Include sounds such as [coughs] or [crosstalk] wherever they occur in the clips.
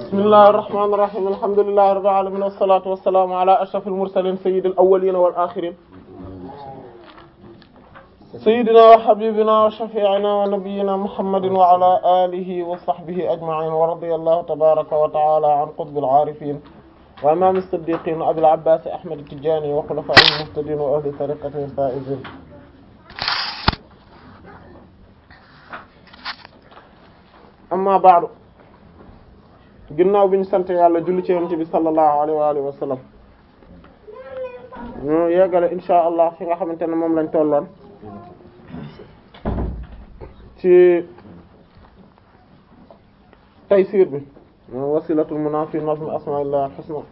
bismillahir rahmanir rahim alhamdulillahi rabbil alamin wassalatu wassalamu ala ashrafil mursalin sayyidil awwalin wal akhirin sayyidina wa habibina wa shafi'ina wa nabiyyina muhammadin wa ala alihi wa sahbihi ajma'in wa radiyallahu tabaraka wa ta'ala an qutbil arifin wa imam as-siddiqin abil abbas ahmad at-tijani wa khulafa'il muhtadin wa ahli tariqatihi faizin amma ba'du ginnaaw bi ñu sant yàlla julli ci yonent bi sallallahu alayhi wa alihi wa sallam ñu yeggale insha allah fi nga xamante ne moom lañ tolloon ci taysiir bi wasilatul munaafi nazm asma'illah husna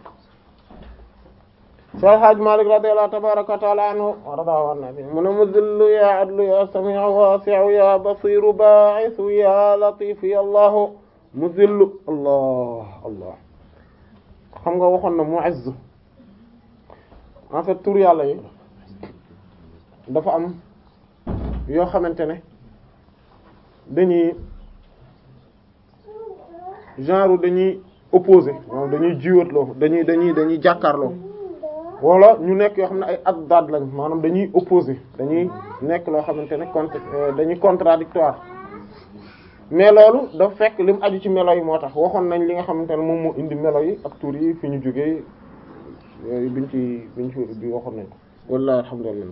Seydi Hajji Maalik radiyallahu tabaaraka wa ta'aala anhu waradahu ya adlu ya sami'u wasi'u ya basiru ba'isu ya latifu ya mu zillu allah allah xam nga waxoon na mu'izz en fait tur yàlla yi dafa am yoo xamante ne dañuy genre dañuy opposé maanaam dañuy jiwatloo dañuy dañuy dañuy jàkkaarloo wala ñu nekk yoo xam ne ay addaad lañ maanaam dañuy opposé dañuy nekk loo xamante ne contre euh, dañuy contradictoire mais loolu dafa fekk li mu aju ci melo yi moo tax waxoon nañ li nga xamante ne moom moo indi melo yi ak tur yi fi ñu jógee biñ ci biñ ci bi waxoon nañ ko wallahi alhamdulillah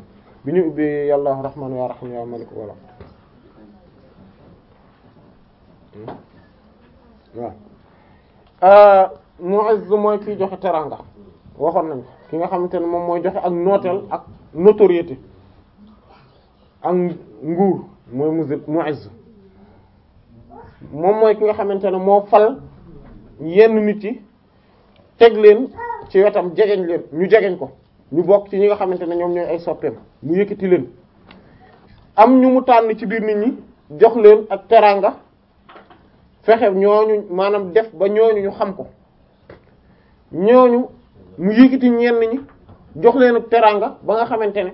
bi ñu ubbi yàlla rahman ya rahim ya malik wala hmm? waaw ah, mu'izz mooy kiy joxe teranga waxoon nañ ko ki nga xamante ne moom mooy joxe ak nooteel ak notoriété ak nguur mooy mu'izz moom mooy ki nga xamante ne moo fal yenn nit yi teg leen ci wetam jegeñ leen ñu jegeñ ko ñu bokk ci ñi nga xamante ne ñoom ñooy ay soppeem mu yëkkati leen am ñu mu tànn ci biir nit ñi jox leen ak teraanga fexe ñooñu maanaam def ba ñooñu ñu xam ko ñooñu mu yëkkati ñenn ñi jox leen ak teraanga ba nga xamante ne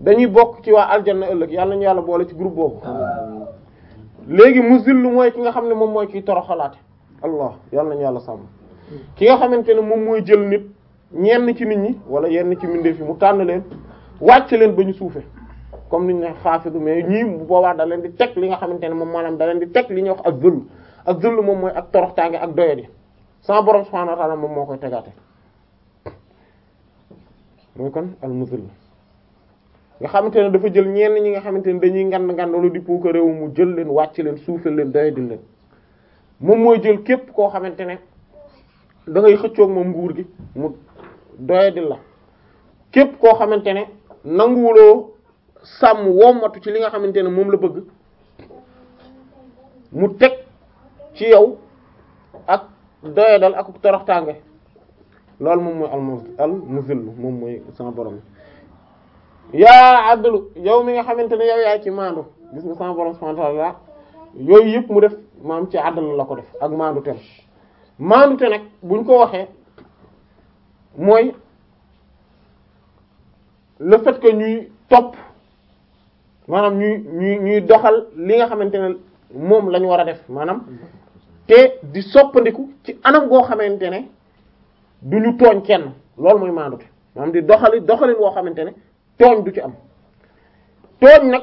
dañuy bokk ci waa na ëllëg yàlla ñu yàlla boole ci groupe boobu léegi mu lu mooy ki nga xam ne moom mooy kiy toroxalaate allah yal nañ yàlla sàmm ki nga xamante ne moom mooy jël nit ñenn ci nit ñi wala yenn ci mbindeef yi mu tànn leen wàcc leen ba ñu suufee comme ni ñu ne xaafidu mais ñii bu boobaa da leen di teg li nga xamante ne moom maanaam da leen di teg li ñuy wax ak zëll ak zëll moom mooy ak toroxtaange ak doyadi sama borom subhanahu wa ta'ala moom moo koy tegaate mooy kon al muzil nga xamante ne dafa jël ñenn ñi nga xamante ne dañuy ngand ngand lu di puuk réew mu jël leen wàcc leen suufal leen doy dil leen moom mooy jël képp koo xamante ne da ngay xëccoog moom nguur gi mu doy dil la képp koo xamante ne nanguwuloo sàmm wommatu ci li nga xamante ne moom la bëgg mu teg ci yow ak doyadal ak toroxtaange loolu moom mooy al muzil moom mooy sama borom yaa adlu yow mi nga xamante ne yow yaa ci maandu gis nga sama borom subhanahu wa ta'ala yooyu yëpp mu def maam ci adlu la ko def ak maandu te maandu te nag buñ ko waxee mooy le fait que ñuy topp maanaam ñuy ñuy ñuy doxal li nga xamante ne moom lañu war a def maanaam te di soppandiku ci anam goo xamante ne du ñu tooñ kenn loolu mooy maandu te maanaam di doxali doxalin woo xamante ne tooñ du ci am tooñ nag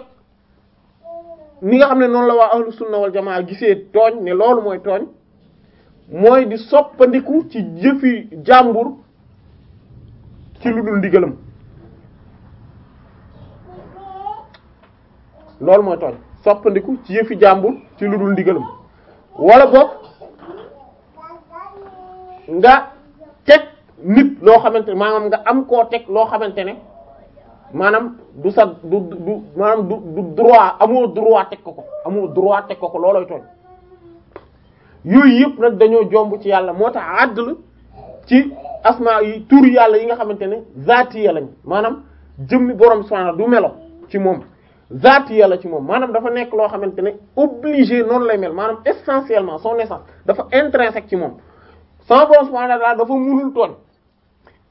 ni nga xam ne noonu la waa ahlu wal jamaa gisee tooñ ne loolu mooy tooñ mooy di soppandiku ci jëfi jàmbur ci lu dul loolu mooy tooñ soppandiku ci yëfi jàmbur ci lu dul ndigalam wala boog nga teg nit loo xamante ne maanaam nga am koo teg loo xamante ne maanaam du sa du du maanaam du du droit amoo droit teg ko ko amoo droit teg ko ko loolooy tooñ yooyu yëpp nag dañoo jomb ci yàlla moo tax àddl ci asma yi tur yàlla yi nga xamante ne zaatiya lañ maanaam jëmmi borom subhaanahu du melo ci moom zaatiya la ci moom maanaam dafa nekk loo xamante ne obligé noonu lay mel maanaam essentiellement son essence dafa intrinsèque ci moom sans borom subhaanahu dafa munul tooñ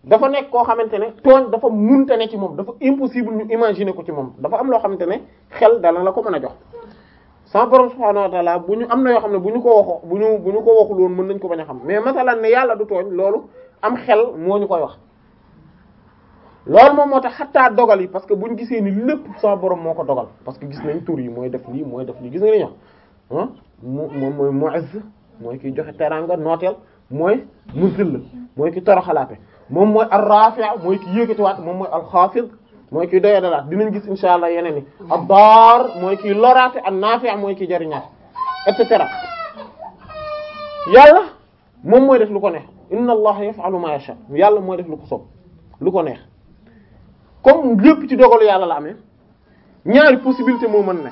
dafa nekk koo xamante ne tooñ dafa munte ne ci moom dafa impossible ñu imaginer ko ci moom dafa am loo xamante ne xel dana la ko mën a jox sans borom subhaanahu wa ta'ala bu ñu am na yoo xam ne bu ñu ko waxo bu ñu bu ko waxul woon mën nañ ko bañ xam mais masalan ne yàlla du tooñ loolu am xel moo ñu koy wax loolu moom moo tax xattaa dogal yi parce que bu ñu gisee ni lépp sans borom moo ko dogal parce que gis nañ tur yi mooy def lii mooy def lii gis nga ni ñoom ah moom mooy mu'izz mooy kiy joxe teranga nooteel mooy munzil mooy ki toroxalaate moom mooy ar-rafi' mooy ki yéegatiwaat moom mooy al-xaafid mooy ki doyadalaat dinañ gis insha allah yeneen ni ad mooy ki loraate an-nafi' mooy ki jariñaat et cetera yàlla moom mooy def lu ko neex inna allaha yaf'alu ma yasha yàlla mooy def lu ko soob lu ko neex kom lépp ci dogalu yàlla la amee ñaari possibilité moo mën ne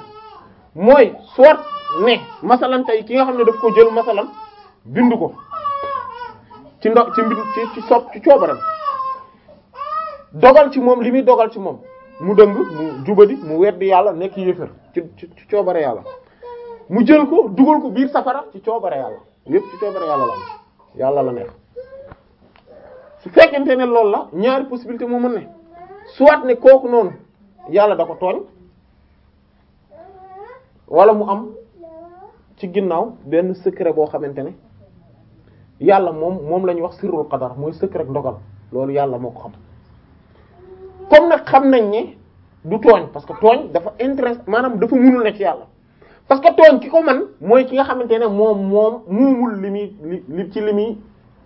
mooy soit ne masalan tey ki nga xam ne daf ko jël masalan bind ko ci ndo ci mbir ci ci sob ci coobaram dogal ci moom li muy dogal ci moom mu dëng mu jubadi mu weddi yàlla nekk yéefar ci ci coobare yàlla mu jël ko dugal ko biir safara ci coobare yàlla yépp ci coobare yàlla la yàlla la neex su fekkente ne loolu la ñaari possibilité moo mën ne soit ne kooku noonu yàlla da ko tooñ wala mu am ci ginnaaw benn secret boo xamante ne yàlla moom moom la ñuy wax sirrul qadar mooy sëkk rek ndogal loolu yàlla moo ko xam comme nag xam nañ ni du tooñ parce que tooñ dafa intéresse maanaam dafa munul ne ci yàlla parce que tooñ ki ko man mooy ki nga xamante ne moom moom muumul li muy li ci li muy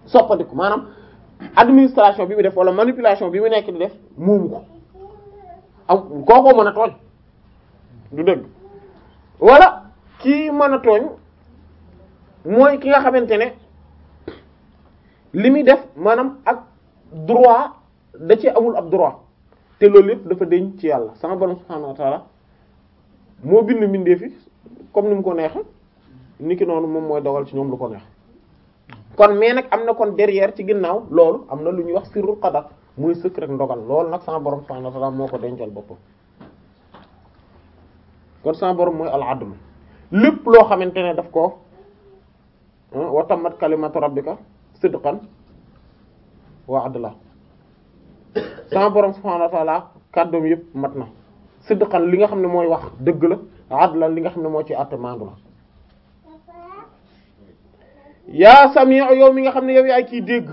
soppandiku maanaam administration bi mu def wala manipulation bi mu nekk di def muumu ko am kookoo mën a tooñ du dëgg wala kii mën a tooñ mooy ki nga xamante ne li muy def maanaam ak droit da ci amul ab droit te loolu lépp dafa deñ ci yàlla sama borom subhaanahu wa ta'ala moo bind mbindeef yi comme ni mu ko neex ni ki noonu moom mooy dogal ci ñoom lu ko neex kon mais nag am na kon derrière ci ginnaaw loolu am na lu ñuy wax sirrul qadar muy sëkk rek ndogal loolu nag sama borom subhaanahu wa ta'ala moo ko dencal boppam kon sama borom mooy al adl lépp loo xamante ne daf ko ah, wa tammat kalimatu rabbika sidqan wa adla sama borom subhaanahu wa ta'aala kàddoom yëpp mat na sidqan li nga xam ne mooy wax dëgg la adla li nga xam ne moo ci àtte maandu la yaa sami'u yow mi nga xam ne yow yaay ciy dégg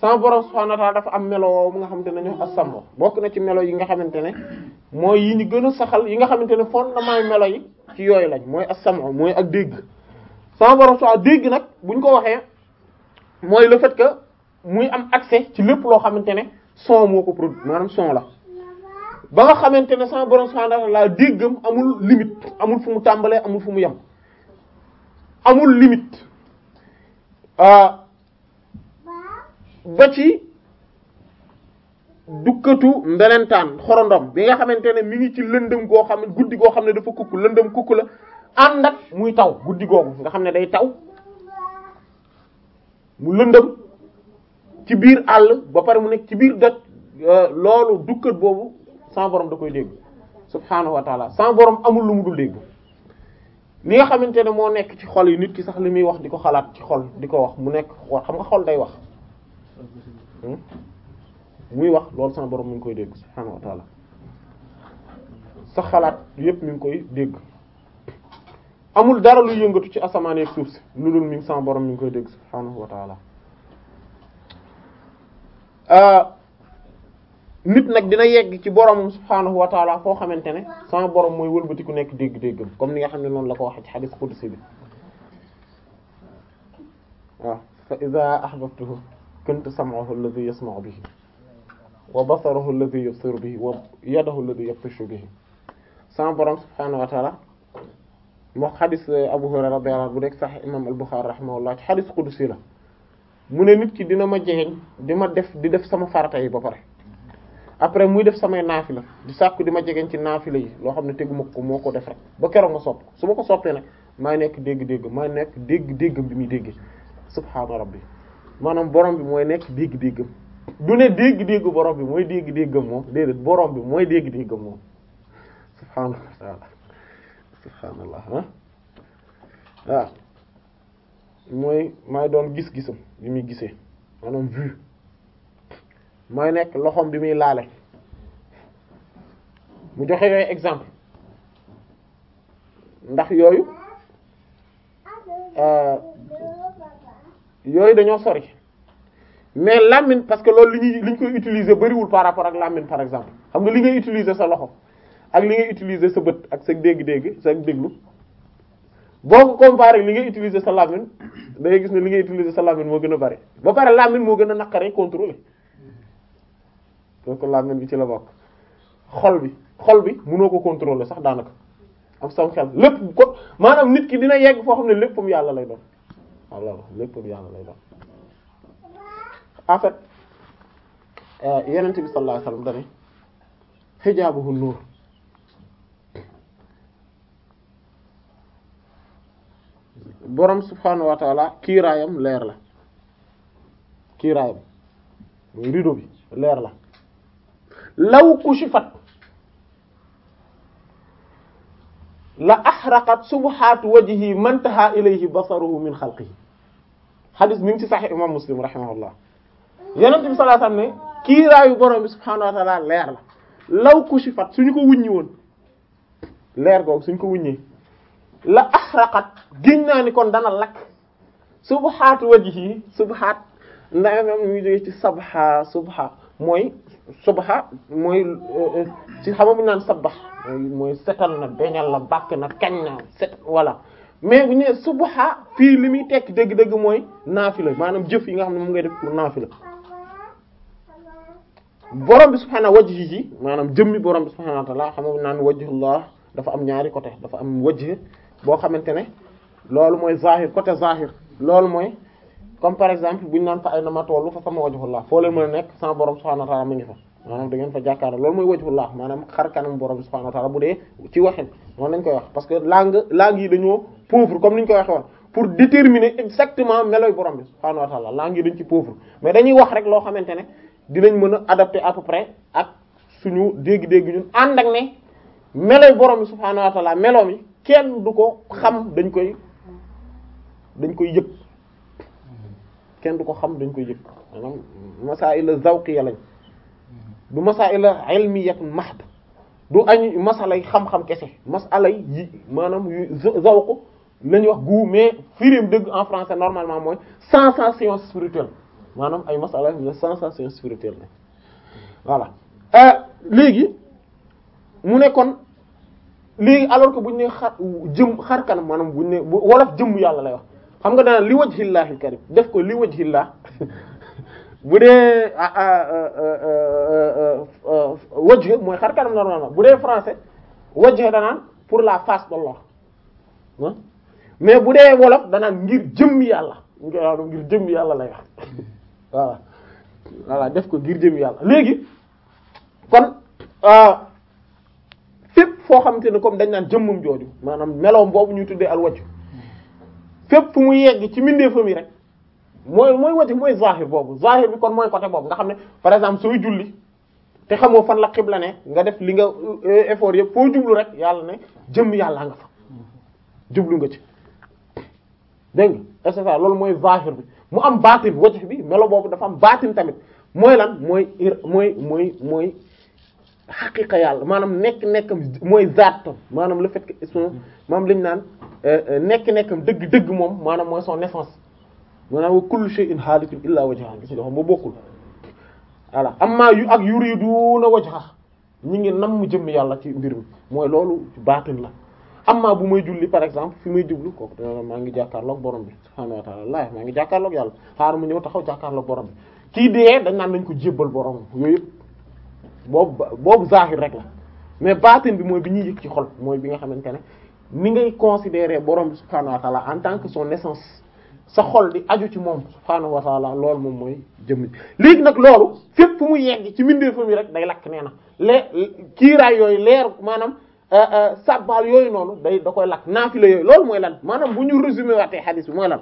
sama borom subhaanahu dafa am melo woowu mu nga xam ne ñoo as-sam'u bokk na ci melo yi nga xamante ne mooy yi ñu gën a saxal yi nga xamante ne fondement melo yi ci yooyu lañ mooy as-sam'u mooy ak dégg sama borom subhaanahu dégg nag buñ ko waxee mooy le fait que muy am accès ci lépp loo xamante ne son moo ko produit maanaam son la ba nga xamante ne sama borom subhanahu wa ta'ala déggam amul limite amul fu mu tàmbalee amul fu mu yem amul limite ah, ba ci dukkatu mbelentaan xorondom bi nga xamante ne mi ngi ci lëndëm goo xam ne guddi goo xam ne dafa kukk lëndëm kukk la ànd ak muy taw guddi googu nga xam ne day taw mu lëndëm ci biir àll ba pare mu nekk ci biir doj euh, loolu dukkat boobu sans borom da koy dégg subhaanahu wa taala sans borom amul lu mu dul dégg li nga xamante ne moo nekk ci xol yi nit ki sax li muy wax di ko xalaat ci xol di ko wax mu nekk xol xam nga xol day wax hmm? muy wax loolu sans borom mu ngi koy dégg subhaanahu wa taala sa xalaat yépp mi ngi koy dégg amul dara lu yëngatu ci asamaan suuf si lu dul mi ngi sama borom mi ngi koy dégg subhaanahu wa taala euh, nit nag dina yegg ci boromam subhaanahu wa taala foo xamante ne sama borom mooy wëlbati ku nekk dégg-déggam comme ni nga xam ne noonu la ko waxee ci xadis qudsi bi waaw fa iza sam'ahu alladhi yasma'u bihi wa basarahu alladhi yubsiru bihi wa yadahu alladhi yabtashu bihi sama borom subhaanahu wa taala moo xadis euh, Abu Hurayra radiyallahu anhu bu nekk sax imam al-Bukhari rahimahullah ci xadis qudsi la mu ne nit ci dina ma jegeñ di ma def di def sama farata yi ba pare après muy def samay naafila di sàkk di ma jegeñ ci naafila yi loo xam ne teguma ko moo ko def rek ba keroog ma sopp su ma ko soppee nag maa nekk dégg-dégg maa nekk dégg-déggam bi muy dégg subhaana rabbi maanaam borom bi mooy nekk dégg du ne dégg-dégg borom bi mooy dégg-déggam moom déedéet borom bi mooy dégg-déggam moom subhaana wa subhaanallah waaw ah. mooy maay doon gis-gisam bi muy gisee maanaam vue mooy nekk loxoom bi muy laale mu joxe yooyu exemple ndax yooyu ah, yooyu dañoo sori mais làmmiñ parce que loolu li ñuy li ñu koy utiliser bariwul par rapport ak làmmiñ par exemple xam nga li ngay utiliser sa loxo ak li ngay utiliser sa bët ak sa dégg-dégg sa déglu boo ko comparé li ngay utiliser sa làmmiñ da gis ne li ngay utiliser sa làmmiñ moo gën a bari ba pare làmmiñ moo gën a naqaree contrôler donc làmmiñ bi ci la bokk xol bi xol bi mënoo ko contrôler sax daanaka ak sam xel lépp ko maanaam nit ki dina yegg foo xam ne léppam yàlla lay doon alors léppam yàlla lay doon fait euh, yonent bi sallallahu alayhi wasallam dane xijaabuhu nuur borom subhaanahu wa taala kiiraayam leer la kiiraayam rideau bi leer la law kushifat la axraqat subuhaatu wajhi mantaha ilayhi basaruhu min xalqihi xadis mi ngi ci saxi imam muslim rahimahullah yenent bi sallallahu alayhi kiiraayu borom bi subhaanahu wa taala leer la law kushifat suñu ko wuññi woon leer googu suñ ko wuññee la axraqat géñ naa ni kon dana lakk subhaat wajhi subhaat ndaa am ñuy ci sabha subha mooy subha mooy euh, euh, xam bu ñu naan sabax mooy setal na beñal la bàkk na kañ na set wala mais bu ñu nee subha fii li muy tekk dëgg-dëgg mooy naafila maanaam jëf yi nga xam ne mu ngay def pour naafila borom bi subhaanahu wajhi ji maanaam jëmmi borom bi subhaanahu wa ta'ala xam nga naan wajhullah dafa am ñaari côté dafa am wajh boo xamante ne loolu mooy zahir côté zahir loolu mooy comme par exemple bu ñu naan fa ay na ma tollu fa sama wajhullah foo leen mën a nekk sama borom subhanahu wa ta'ala mi ngi fa maanaam da ngeen fa jàkkaarloo loolu mooy wajhullah maanaam xar kanam borom subhanahu wa ta'ala bu dee ci waxin noonu lañ koy wax parce que langue langue yi dañoo pauvre comme ni ñu koy waxee woon pour déterminer exactement meloy borom bi subhanahu wa ta'ala langue yi dañ ci pauvre mais loo xamante ne dinañ mën a adapté à peu près suñu dégg-dégg ñun ànd ak ne meloy borom bi subhanahu wa ta'ala meloom yi kenn du ko xam dañ koy dañ koy yëg kenn du ko xam dañ koy yëg maanaam masaa'il zawqiyya lañ du masaa'il ilmiyyatun mahd du añ masalay xam-xam kese masalay yi maanaam yu zawq la ñuy wax goût mais firim dëgg en français normalement mooy sensation spirituelle maanaam ay masala la sensation spirituelle la voilà euh, léegi mu ne kon lii alors que bu ñu nee xar jëm xar kanam maanaam bu ñu nee wolof jëmm yàlla lay wax xam nga daan li wajhillahil karim def ko li wajhillah [laughs] bu dee wajh mooy xar kanam normalement bu dee français wajh danaan pour la face d'Allah mais bu dee wolof danaan ngir jëm jëmm yàlla ngir jëmm yàlla lay wax [laughs] def ko ngir jëmm yàlla léegi kon. Euh, foo xamante ne comme dañ naan jëmmam jooju maanaam meloom boobu ñuy tuddee al wajh fépp fu mu yegg ci mbindeefam yi rek mooy mooy wajh mooy zahir boobu zahir bi kon mooy côté boobu nga xam ne par exemple sooy julli te xamoo fan la xibla ne nga def li nga euh, effort yëpp foo jublu rek yàlla ne jëmm yàlla nga fa jublu nga ci dégg nga et loolu mooy zahir bi mu am baatin wajh bi melo boobu dafa am baatin tamit mooy lan mooy mooy mooy mooy xaqiqa yàlla maanaam nekk-nekkam mooy zaat maanaam la fait que son maanaam lañu naan euh, euh, nekk-nekkam dëgg-dëgg moom maanaam mooy son essence maanaam wa kullu shay'in halikun illa wajha gis nga xam ba bokkul voilà amma yu ak yuriduna wajha ñi ngi nam mu jëm yàlla ci mbir mooy loolu baatin la amma bu may julli par exemple fi may jublu kooku maa ngi jàkkaarloog borom bi subhaanahu wa maa ngi jàkkaarloog yàlla xaar mu ñëw taxaw jàkkaarloog borom bi kii dee dañ naan nañ ko jébbal borom yooyu boobu boobu zahir rek la mais baatin bi mooy bi ñuy yëg ci xol mooy bi nga xamante ne ni ngay considérer borom bi subhaanahu wa en tant que son essence sa xol di aju ci moom subhaanahu wa taala loolu moom mooy jëmm léegi nag loolu fépp fu mu yegg ci mbindeefam yi rek day lakk nee na lee kiiraay yooyu leer maanaam euh, euh, sabbal yooyu noonu day da koy lakk naafila yooyu loolu mooy lan maanaam bu ñu résumé waatee xadiis bi mooy lan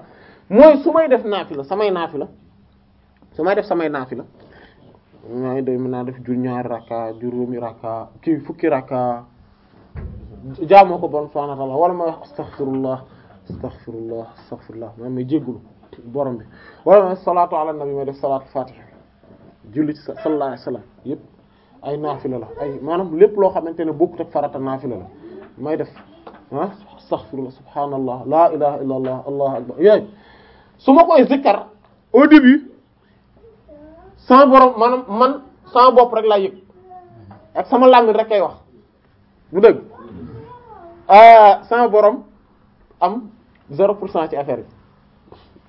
mooy su may def naafila samay naafila su may def samay naafila maa ngi dégg mën naa def jur ñaari rakka juróomi rakka kii fukki rakka jaamoo ko bon subhaanahu wa ta'aala wala ma wax astaghfirullah astaghfirullah astaghfirullah maa ngi jéggulu borom bi wala ma salaatu ala nabi ma def salaatu fatiha julli ci sallallahu alayhi wasallam yépp ay naafila la ay maanaam lépp loo xamante ne bokkut ak farata naafila la may def ah astaghfirullah allah akbar su ma koy zikkar au sama borom maanaam man sama bopp rek laa yëg ak sama làmmiñ rek kay wax mu dëgg ah, sama borom am zéro pour cent ci affaire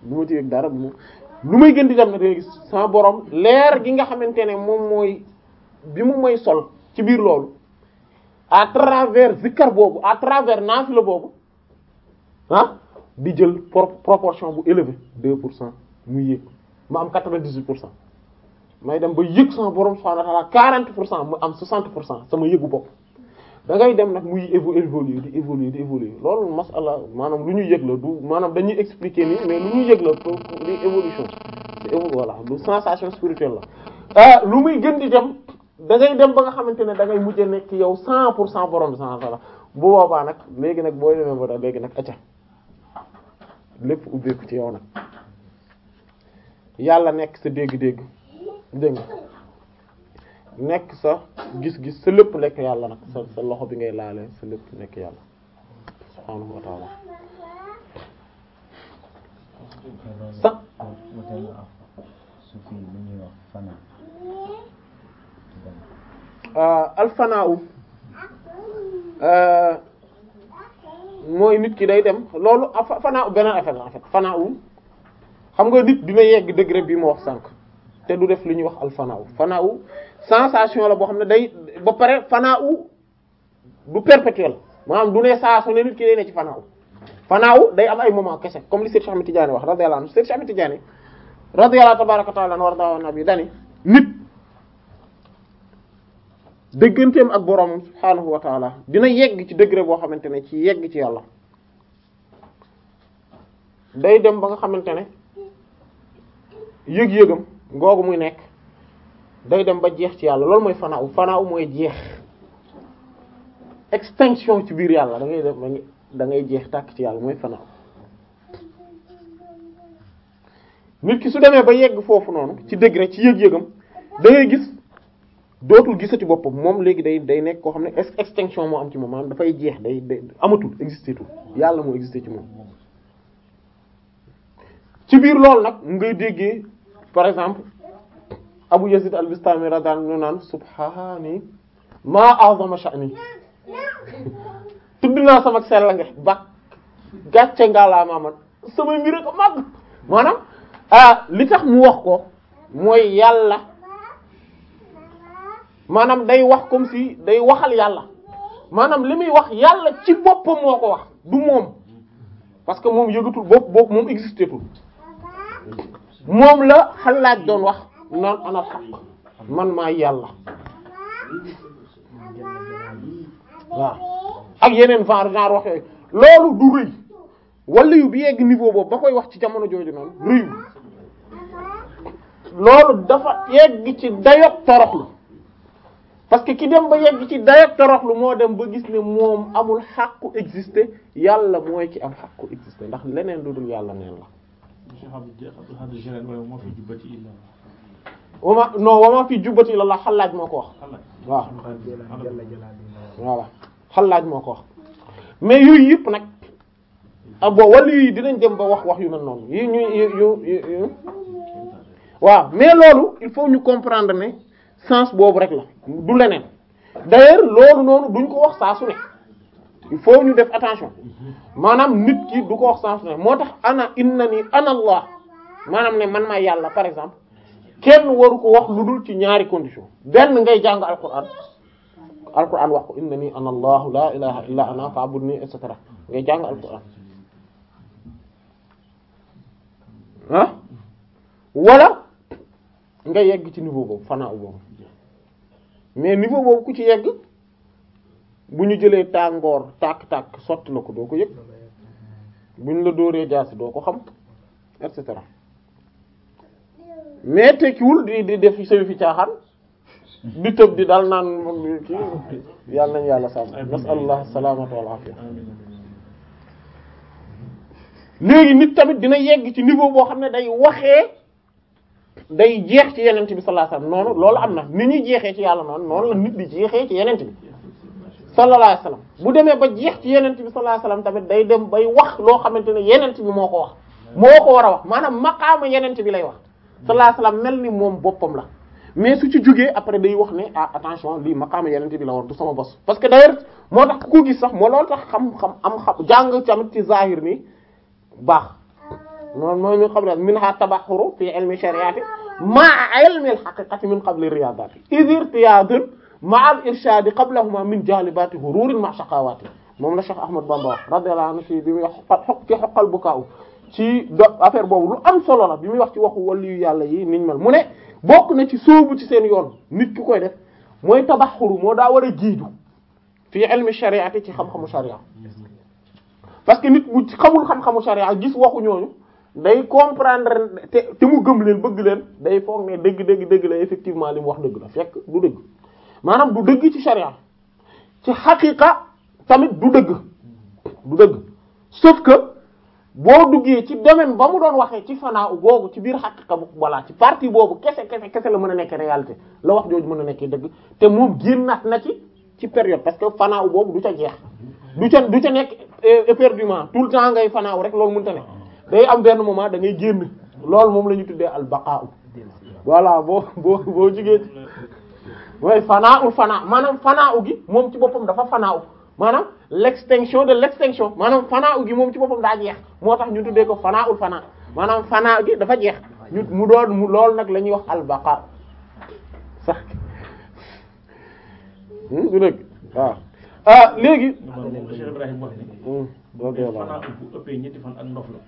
bi bu ma ci yëg dara bu lu may gën di dem na dangay sama borom leer gi nga xamante ne moom mooy bi mu may sol ci biir loolu à travers zikkar boobu à travers naafila boobu ah di jël proportion bu élevée deux pour cent muy yéeg ma am quatre dix huit pour cent may dem ba yëg sama borom subhaanahu wa ta'aala quarante pour cent mu am pour cent sama yëgu bopp dangay dem nag muy évoluer di évoluer di évoluer loolu masala maanaam lu ñu yëg la du maanaam dañuy expliquer nii mais lu ñu yëg la pour di évolution c'est voilà lu sensation spirituelle la euh, lu muy gën di dem da dem ba nga xamante ne da ngay mujj a nekk yow cent pour cent borom san subhaanahu wa ta'aala bu boobaa nag léegi nag boo demee ba da léegi nag acca lépp ubbeeku ci yow nag yàlla nekk sa dégg-dégg dégg nekk sa gis-gis sa lépp nekk yàlla nag sa loxo bi ngay laalee sa lépp nekk yàlla subhaanahu wa ta'ala ah, ah, mooy nit ki day dem loolu fanaaw beneen affaire la en fanaaw xam nga nit dina yegg degré bii ma wax sànq te du def li ñuy wax al fanaaw fanaaw sensation la boo xam ne day ba pare fanaaw du perpétuel maanaam du ne saa su ne nit ki day ne ci fanaaw fanaaw day am ay moment kese comme li Cheikh Ahmed Tidiane wax radiyallahu anhu Cheikh Ahmed Tidiane radiyallahu tabaaraka wa ta'ala warda nabi dani nit dëgganteem ak borom subhaanahu wa taala dina yegg ci degré boo xamante ne ci yegg ci yàlla day dem ba nga xamante ne yëg-yëgam googu muy nekk day dem ba jeex ci yàlla loolu mooy fanaaw fanaaw mooy jeex extinction ci biir yàlla da ngay dem dangay ngay jeex tàkk ci yàlla mooy fanaaw nit ki su demee ba yegg foofu noonu ci degré ci yëg-yëgam da ngay gis dootul gisati boppam moom léegi day day nekk koo xam ne extinction moo am ci moom maanaam dafay jeex day day amatul existé tul yàlla moo existé ci moom ci biir loolu nag ngay déggee par exemple Abu Yazid al-Bistami radiyallahu naan subhaani maa a'zama sha'ni tudd naa sama sell nga ba gàcce ngaa laa maaman sama mbir ko mag maanaam ah li tax mu wax ko mooy yàlla maanaam day wax comme si day waxal yàlla maanaam li muy wax yàlla ci boppam moo ko wax du moom parce que moom yëgatul bopp bopp moom existé tul moom la Xallaaj doon wax naan ana xaq man maa yàlla waaw ak yeneen genre genre waxee yooyu loolu du rëy wala yu bi yegg niveau boobu ba koy wax ci jamono jooju noonu rëyu loolu dafa yegg ci dayog toroxlu parce que ki dem ba yegg ci dayog toroxlu moo dem ba gis ne moom amul xàqu exister yàlla mooy ci am xàqu exister ndax leneen lu dul yàlla neen la wama non wama fi jubbati illa Allah xallaaj moo ko wax waaw voilà xallaaj moo ko wax mais yooyu yëpp nag ah bon wala dinañ dem ba wax wax yu mel noonu waaw mais loolu il faut ñu comprendre ne sens boobu rek la du leneen d'ailleurs loolu noonu duñ ko wax saa su ne il faut ñu def attention maanaam nit ki du ko wax sans ne moo tax ana inna ni maanaam ne man maa yàlla par exemple kenn waru ko wax lu dul ci ñaari condition benn ngay jàng alquran alquran wax ko inna ni la ilaha illa ana fa'budni et cetera ngay jàng alquran ah wala nga yegg ci niveau boobu fanaaw boobu mais niveau boobu ku ci yegg bu ñu jëlee tàngoor tàkk-tàkk sotti la ko doo ko yëpp bu ñu la dóoree jaasi doo ko xam et cetera mais tekkiwul di di def sëy fi caaxaan di tëb di daal naan moom kii yàlla nañu yàlla sàmm nasalullah salaamata wal afiya léegi nit tamit dina yegg ci niveau boo xam ne day waxee day jeex ci yenent bi sallallahu alayhi wasallam noonu loolu am na ni ñuy jeexee ci yàlla noonu noonu la nit di jeexee ci yenent bi sallallahu alayhi wasallam bu demee ba jeex yeneen yenent bi sallallahu alayhi wasallam tamit day dem bay wax loo xamante ne yenent bi moo ko wax moo ko war a wax maanaam maqaama yenent bi lay wax sallallahu alayhi wasallam mel ni moom boppam la mais su ci jugee après day wax ne ah attention lii maqaama yenente bi la woon du sama bos parce que d'ailleurs moo tax ku sax moo loolu tax xam-xam am xam jàng tamit ci zahir ni baax noonu moo ñu xam ne minha tabaxuru fi ilmi shariati ma ilmi al haqiqati min maal irshadi qablahuma min jalibati hururin ma shaqawati moom la Cheikh Ahmad Bamba wax radiyallahu anhu si bi muy wax xoq ci xoqal bu kaaw ci do affaire boobu lu am solo la bi muy wax ci waxu waliyu yàlla yi niñ mel mu ne bokk na ci sóobu ci seen yoon nit ki koy def mooy tabaxuru moo daa war a jiitu fii ilmi shariati ci xam-xamu sharia parce que nit bu xamul xam-xamu sharia gis waxu ñooñu day comprendre te te mu gëm leen bëgg leen day foog ne dëgg dëgg dëgg la effectivement li mu wax dëgg la fekk du dëgg maanaam du dëgg ci sharia ci xaqiqa tamit du dëgg du dëgg sauf que boo duggee ci domaine ba mu doon waxee ci fanaaw u googu ci biir xaqiqa bu voilà ci partie boobu kese kese kese la mën a nekk réalité la wax jooju mën a nekkee dëgg te mu génnaat na na ci ci période parce que fanaaw u boobu du ca jeex du ca du ca nekk éperdument tout le temps ngay fanaaw rek loolu mënta ne day am benn moment da ngay génn loolu moom la ñu tuddee albaqaaw voilà boo boo boo way fanaa ul fanaa maanaam fanaa u moom ci boppam dafa fanaa u maanaam l'extinction de l'extinction maanaam fanaa u gi moom ci boppam daa jeex moo tax ñu tuddee ko fanaa ul fanaa maanaam fanaa gi dafa jeex ñu mu doon mu lool nag la ñuy wax albaqa sax hmm, du ah, léegi. Cheikh Ibrahim wax ni. Hmm, ak ndof la.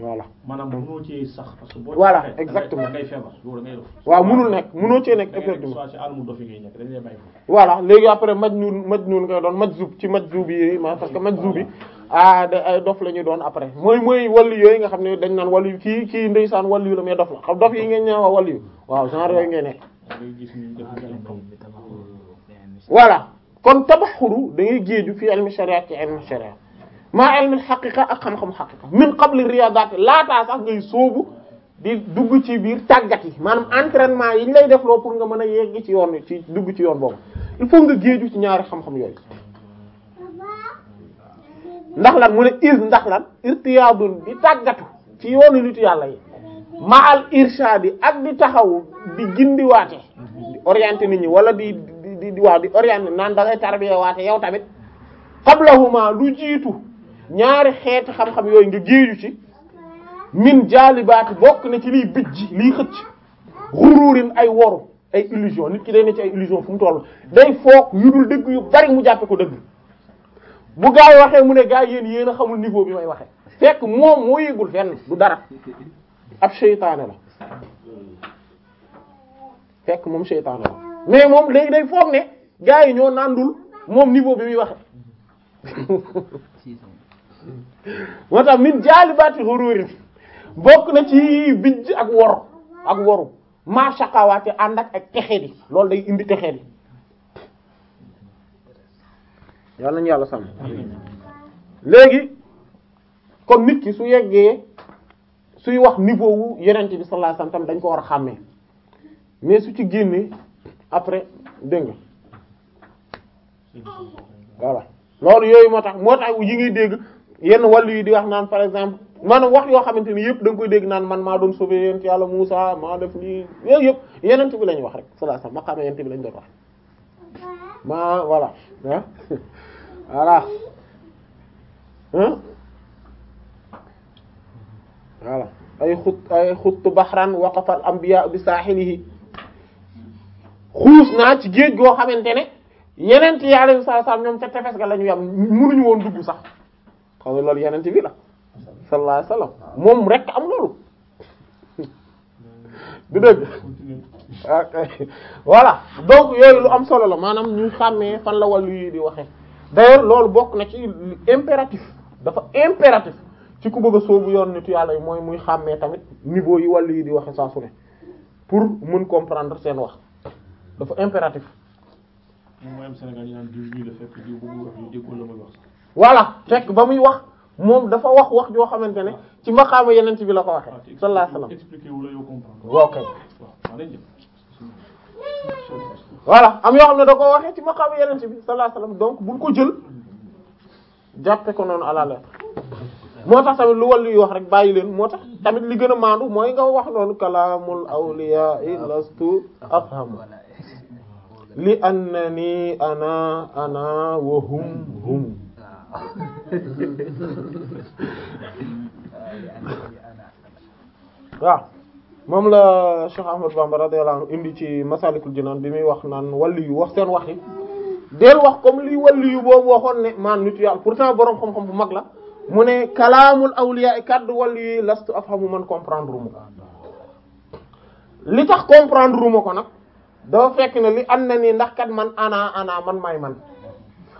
voilà maanaam mënoo cee sax parce que exactement da ngay waaw mënul nekk mënoo cee nekk effectivement voilà léegi après majnun majnun ngay doon majzub ci majzub yi ma parce que majzub yi ah da ay dof la ñu doon après mooy mooy wàllu yooyu nga xam ne dañ naan wàllu kii kii ndeysaan wàllu la mais dof la xam dof yi ngeen ñaawa wàllu yu waaw genre yooyu ngay nekk voilà kon tabaxuru da ngay géeju fi ilmu sharia ci ilmu sharia maa ilmul xaqiqa ak xam-xamu xaqiqa min qabli riyaadaat laataa sax ngay sóobu di dugg ci biir tàggat yi maanaam entrainement yi lay def loo pour nga mën a yegg ci yoon ci dugg ci yoon boobu il faut nga géeju ci ñaari xam-xam yooyu ndax lan mu ne is ndax lan irtiyaadun di tàggatu ci yoonu nitu yàlla yi maal irshaadi ak di taxaw di gindiwaate di orienté nit ñi wala di di di waaw di orienté naan da ngay tarbiya waate yow tamit qablahuma lu jiitu ñaari xeeti xam-xam yooyu nga géeju ci min jaalibaati bokk na ci liy bijji liy xëcc xuruurin ay woru ay illusion nit ki leen ci ay illusion fu mu toll day foog yu dul dëgg yu bari mu jàppe ko dëgg bu gaa yi waxee mu ne gaa yéen yéen a xamul niveau bi may waxe fekk moom moo yëgul fenn du dara ab seytaane la fekk moom seytaane la mais moom léegi day foog ne gaa yi ñoo nàndul moom niveau bi muy waxe [laughs] moo tax min jaalibaati xuruuri bokk na ci bijj ak wor ak woru maa shaqawaati ànd ak ak texe di loolu day indi texe di yàlla nañu yàlla sàmm léegi kon nit ki su yeggee suy wax niveau wu yenente bi sallallahu alayhi wasallam tamit dañ ko war a xàmmee mais su ci génnee après dégg nga loolu yooyu moo tax moo tax yi ngi dégg yenn wàllu yi di wax naan par exemple maanaam wax yoo xamante ni yëpp da koy dégg naan man maa doon sauver yent yàlla Muusa maa def lii yooyu yëpp yenent wax rek sallallahu alayhi bi lañ wax ma voilà ah [laughs] voilà voilà ay xut ay xuttu baxran waqafa al anbiya bi saaxilihi xuus naa ci géej goo xamante ne yenent yàlla sallallahu alayhi wasallam ñoom ca tefes ga la ñu yam munuñu woon dugg sax xam nga loolu yenente bi la sallallahu alayhi moom rek am loolu du [laughs] dëgg voilà donc yooyu lu am solo la maanaam ñu xàmmee fan la wàllu yi di waxee d'ailleurs loolu bokk na ci impératif dafa impératif ci ku bëgg a soobu yoon nitu yàlla yi mooy muy xàmmee tamit niveau yi wàllu yi di waxe saa su pour mën comprendre seen wax dafa impératif moom mooy am Sénégal ñu naan voilà fekk ba muy wax moom dafa wax wax joo xamante ne ci maqaama yenent bi la ko waxe sallallahu alayhi wasallam wu la am yoo xam ne da ko waxee ci maqaama yenent bi sallallahu alayhi wasallam donc buñ ko jël jàppe ko noonu à la moo tax tamit lu wàllu yi wax rek bàyyi leen moo tax tamit li gën a maandu mooy nga wax noonu kalaamul awliya lastu afhamu li annani ana ana wa hum [laughs] waaw moom la Cheikh Ahmad Bamba radiyallahu anhu indi ci Masalikul Jinaan bi muy wax naan wàllu yu wax seen wax yi del wax comme li wàllu yu boobu waxoon ne maan nitu yàlla pourtant borom xam-xam bu mag la mu ne kalaamul awliya kaddu wàllu yi lastu afhamu man comprendre uma ko li tax comprendre uma ko nag dafa fekk ne li an na nii ndax kat man ana ana man may man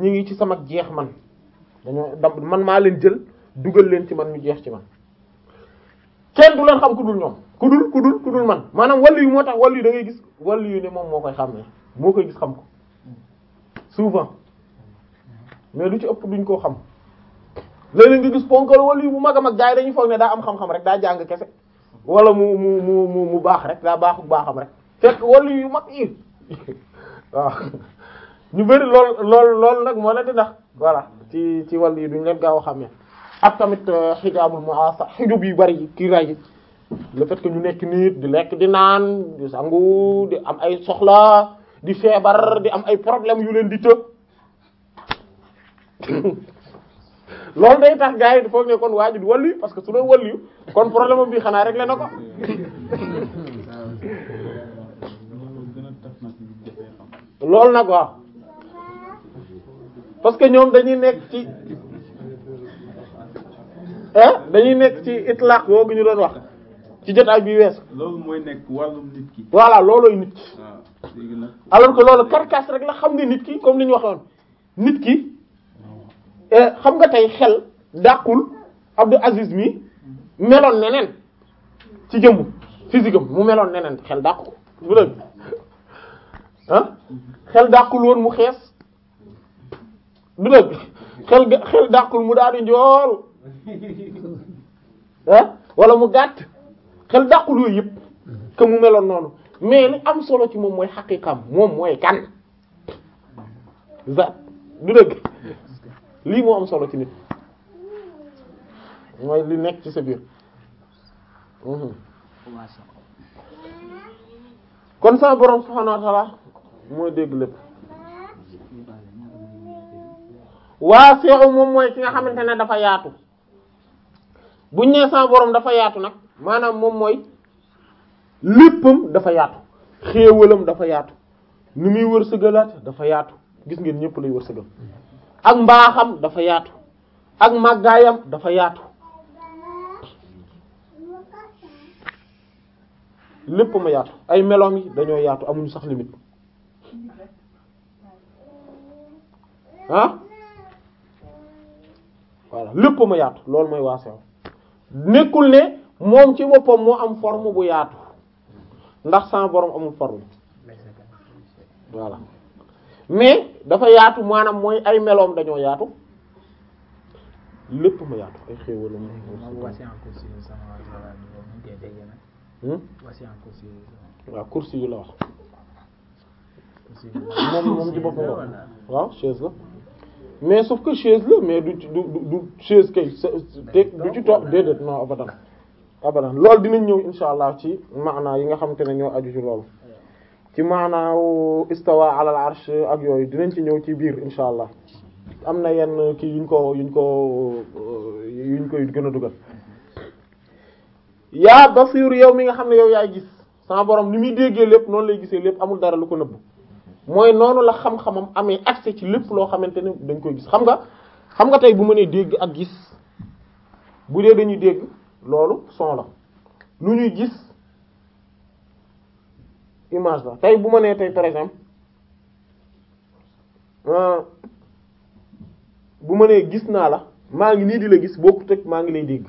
ñi ngi ci sama jeex man dañoo da man maa leen jël dugal leen ci man ñu jeex ci man kenn du leen xam ku dul ñoom ku dul ku dul man maanaam wàllu yu moo tax wàllu yu da ngay gis wàllu yu moom moo koy xàmmee moo koy xam ko souvent mais du ci ëpp duñ koo xam léeg-léeg nga gis ponkal wàllu yu bu mag a mag daay dañuy foog ne daa am xam-xam rek daa jàng kese wala mu mu mu mu baax rek daa baaxu baaxam rek fekk wàllu yu mag yi [laughs] waaw ñu bëri lool lool lool nag moo leen di ndax voilà ci ci wàll yi duñ leen gaaw a xàmmee ak tamit euh, xijaabul muasa xijub yu bari kii yi le fait que ñu nekk nit di lekk di naan di sangu di am ay soxla di feebar di am ay problème yu leen di të [laughs] loolu day tax gars yi di foog ne kon waa ji di wàllu parce que su doon wàllu kon problème am bi xanaa réglé na ko [laughs] loolu nag waaw parce que ñoom dañuy nekk ci ah dañuy nekk ci itlaq googu ñu doon wax ci jotaay bi weesu. loolu ki. voilà loolooy nit ki. Ah, alors que loolu carcasse rek la xam nga nit ki comme li ñu waxoon nit ki eh, xam nga tey xel dàqul Abdou Aziz mi meloon neneen ci jëmbu physique mu meloon neneen xel dàqul bu dëgg xel dàqul woon mu xees. du dëgg xel xel mu daal di njool ah [laughs] mu gàtt xel dàqul yooyu yëpp mm-hmm. que mu meloon noonu mais li am solo ci moom mooy xaqiiqam moom mooy kan zaat du dëgg lii moo am solo ci nit mooy li nekk ci sa biir mm-hmm. kon sa borom subhaanahu wa mooy dégg lépp waasi'u moom mooy ki nga xamante ne dafa yaatu buñ nee sama borom dafa yaatu nag maanaam moom mooy léppam dafa yaatu xéewalam dafa yaatu ni muy wërsëgalaat dafa yaatu gis ngeen ñëpp lay wërsëgal ak mbaaxam dafa yaatu ak màggaayam dafa yaatu lépp ma yaatu ay meloom yi dañoo yaatu amuñu sax limite ah voilà lépp ma yaatu loolu mooy waasew nekkul ne moom ci boppam moo am forme bu yaatu ndax sans borom amul forme voilà mais dafa yaatu maanaam mooy ay meloom dañoo yaatu lépp ma yaatu ay xéewalam hmm? waaw kursi yu la wax moom moom ci boppam waaw chaise la mais sauf que chaise la mais du du du chaise kay du ci toog déedéet non abadan abadan loolu dinañ ñëw insha allah ci maanaa yi nga xamante ne ñoo aju ci loolu ci maanaaw istawa alal arsh ak yooyu dinañ ci ñëw ci biir insha allah am na yenn kii yuñ ko yuñ ko euh, yuñ koy gën a dugal yaa basiir yow mi nga xam ne yow yaay gis sama borom ni muy déggee lépp noonu lay gisee lépp amul dara lu ko nëbb mooy noonu la xam-xamam amee accès ci lépp loo xamante ne dañ koy gis xam nga xam nga tey bu ma nee dégg ak gis bu dee dañuy dégg loolu son la lu ñuy gis image la tey bu ma nee tey par exemple euh, bu ma nee gis naa la maa ngi nii di la gis bokkut teg maa ngi lay dégg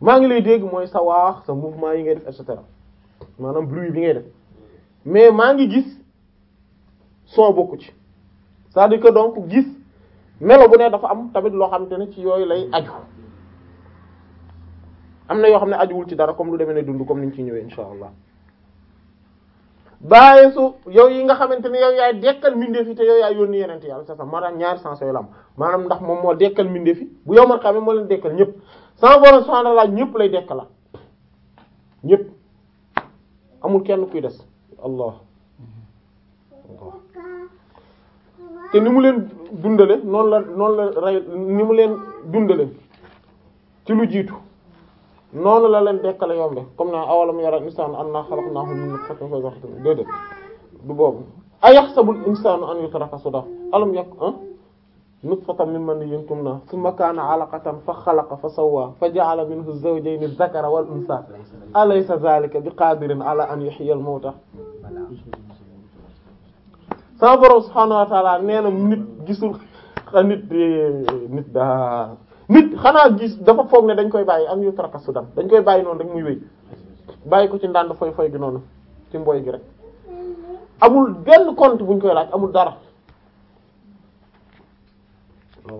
maa ngi lay dégg mooy sa waax sa mouvement yi ngay def et cetera maanaam bruit bi ngay def mais maa ngi gis son bokku ci c'est-à-dire que donc gis melo bu ne dafa am tamit loo xamante ne ci yooyu lay aju am na yoo xam ne ajuwul ci dara comme lu demee ne dund comme niñ ci ñëwee insha allah bàyyi su yow yi nga xamante ne yow yaay dekkal mbindeef yi te yow yaay yónni yeneen yàlla sa ça maanaam ñaari sens yooyu la am maanaam ndax moom moo dekkal mbindeef fi bu yow man xam moo leen dekkal ñëpp sama borom subhanahu wa ta'ala ñëpp lay dekkal la ñëpp amul kenn kuy des allah te ni mu leen dundale noon la noon la rey ni mu leen dundale ci lu jiitu noon la leen dekkale yombe comme naa awalam yara insaan annaa xalaqnaahu min nutfatin fa idaa huwa déedéet du boobu ayaxsabul insaanu an yutraka sudaa alam yak nutfatan min maniyyin yumnaa summa kaana alaqatan fa xalaqa fa sawwaa fa ja'ala minhu zawjayni dhakara wal unsaa alaysa dhaalika bi qaadirin alaa an yuhyiyal mawtaa sama borom subhaanahu wa nee na nit gisul nit nit daa nit xanaa gis dafa foog ne dañ koy bàyyi am yu traka dam dañ koy bàyyi noonu rek muy wéy bàyyi ko ci ndànd foy foy gi noonu ci mboy gi rek amul benn compte buñ koy laaj amul dara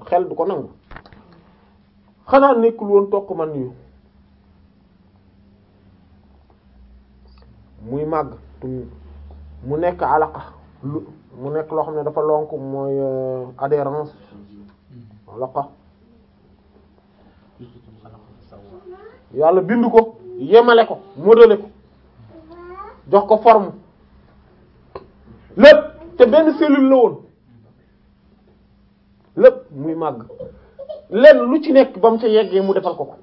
xel du ko nangu xanaa nekkul woon toq man yu muy màgg mu nekk alaqa mu nekk loo xam ne dafa lonk mooy euh, adhérence mm-hmm. alaqa yàlla bind ko yemale ko modelé ko jox ko forme lépp te benn cellule la woon lépp muy màgg lenn lu ci nekk ba mu ca yeggee mu defal ko ko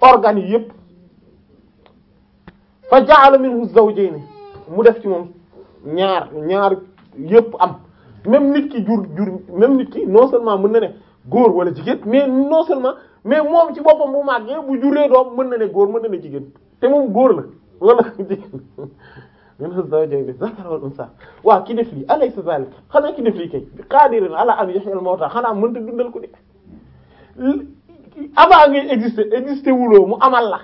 organes yi yépp fa ja'ala minhu zawjayni mu def ci moom ñaar ñaar yëpp am même nit ki jur jur même nit ki non seulement mën na ne góor wala jigéen mais non seulement mais moom ci boppam bu màggee bu juree doom mën na ne góor mën na ne jigéen te moom góor la wala [laughs] jigéen min zawjayni zakara wal unsa waaw ki def lii alaysa zalik xanaa ki def lii kay qadirun ala an moo tax xanaa mënta dundal ku de avant ngay exister exister wuloo mu amal la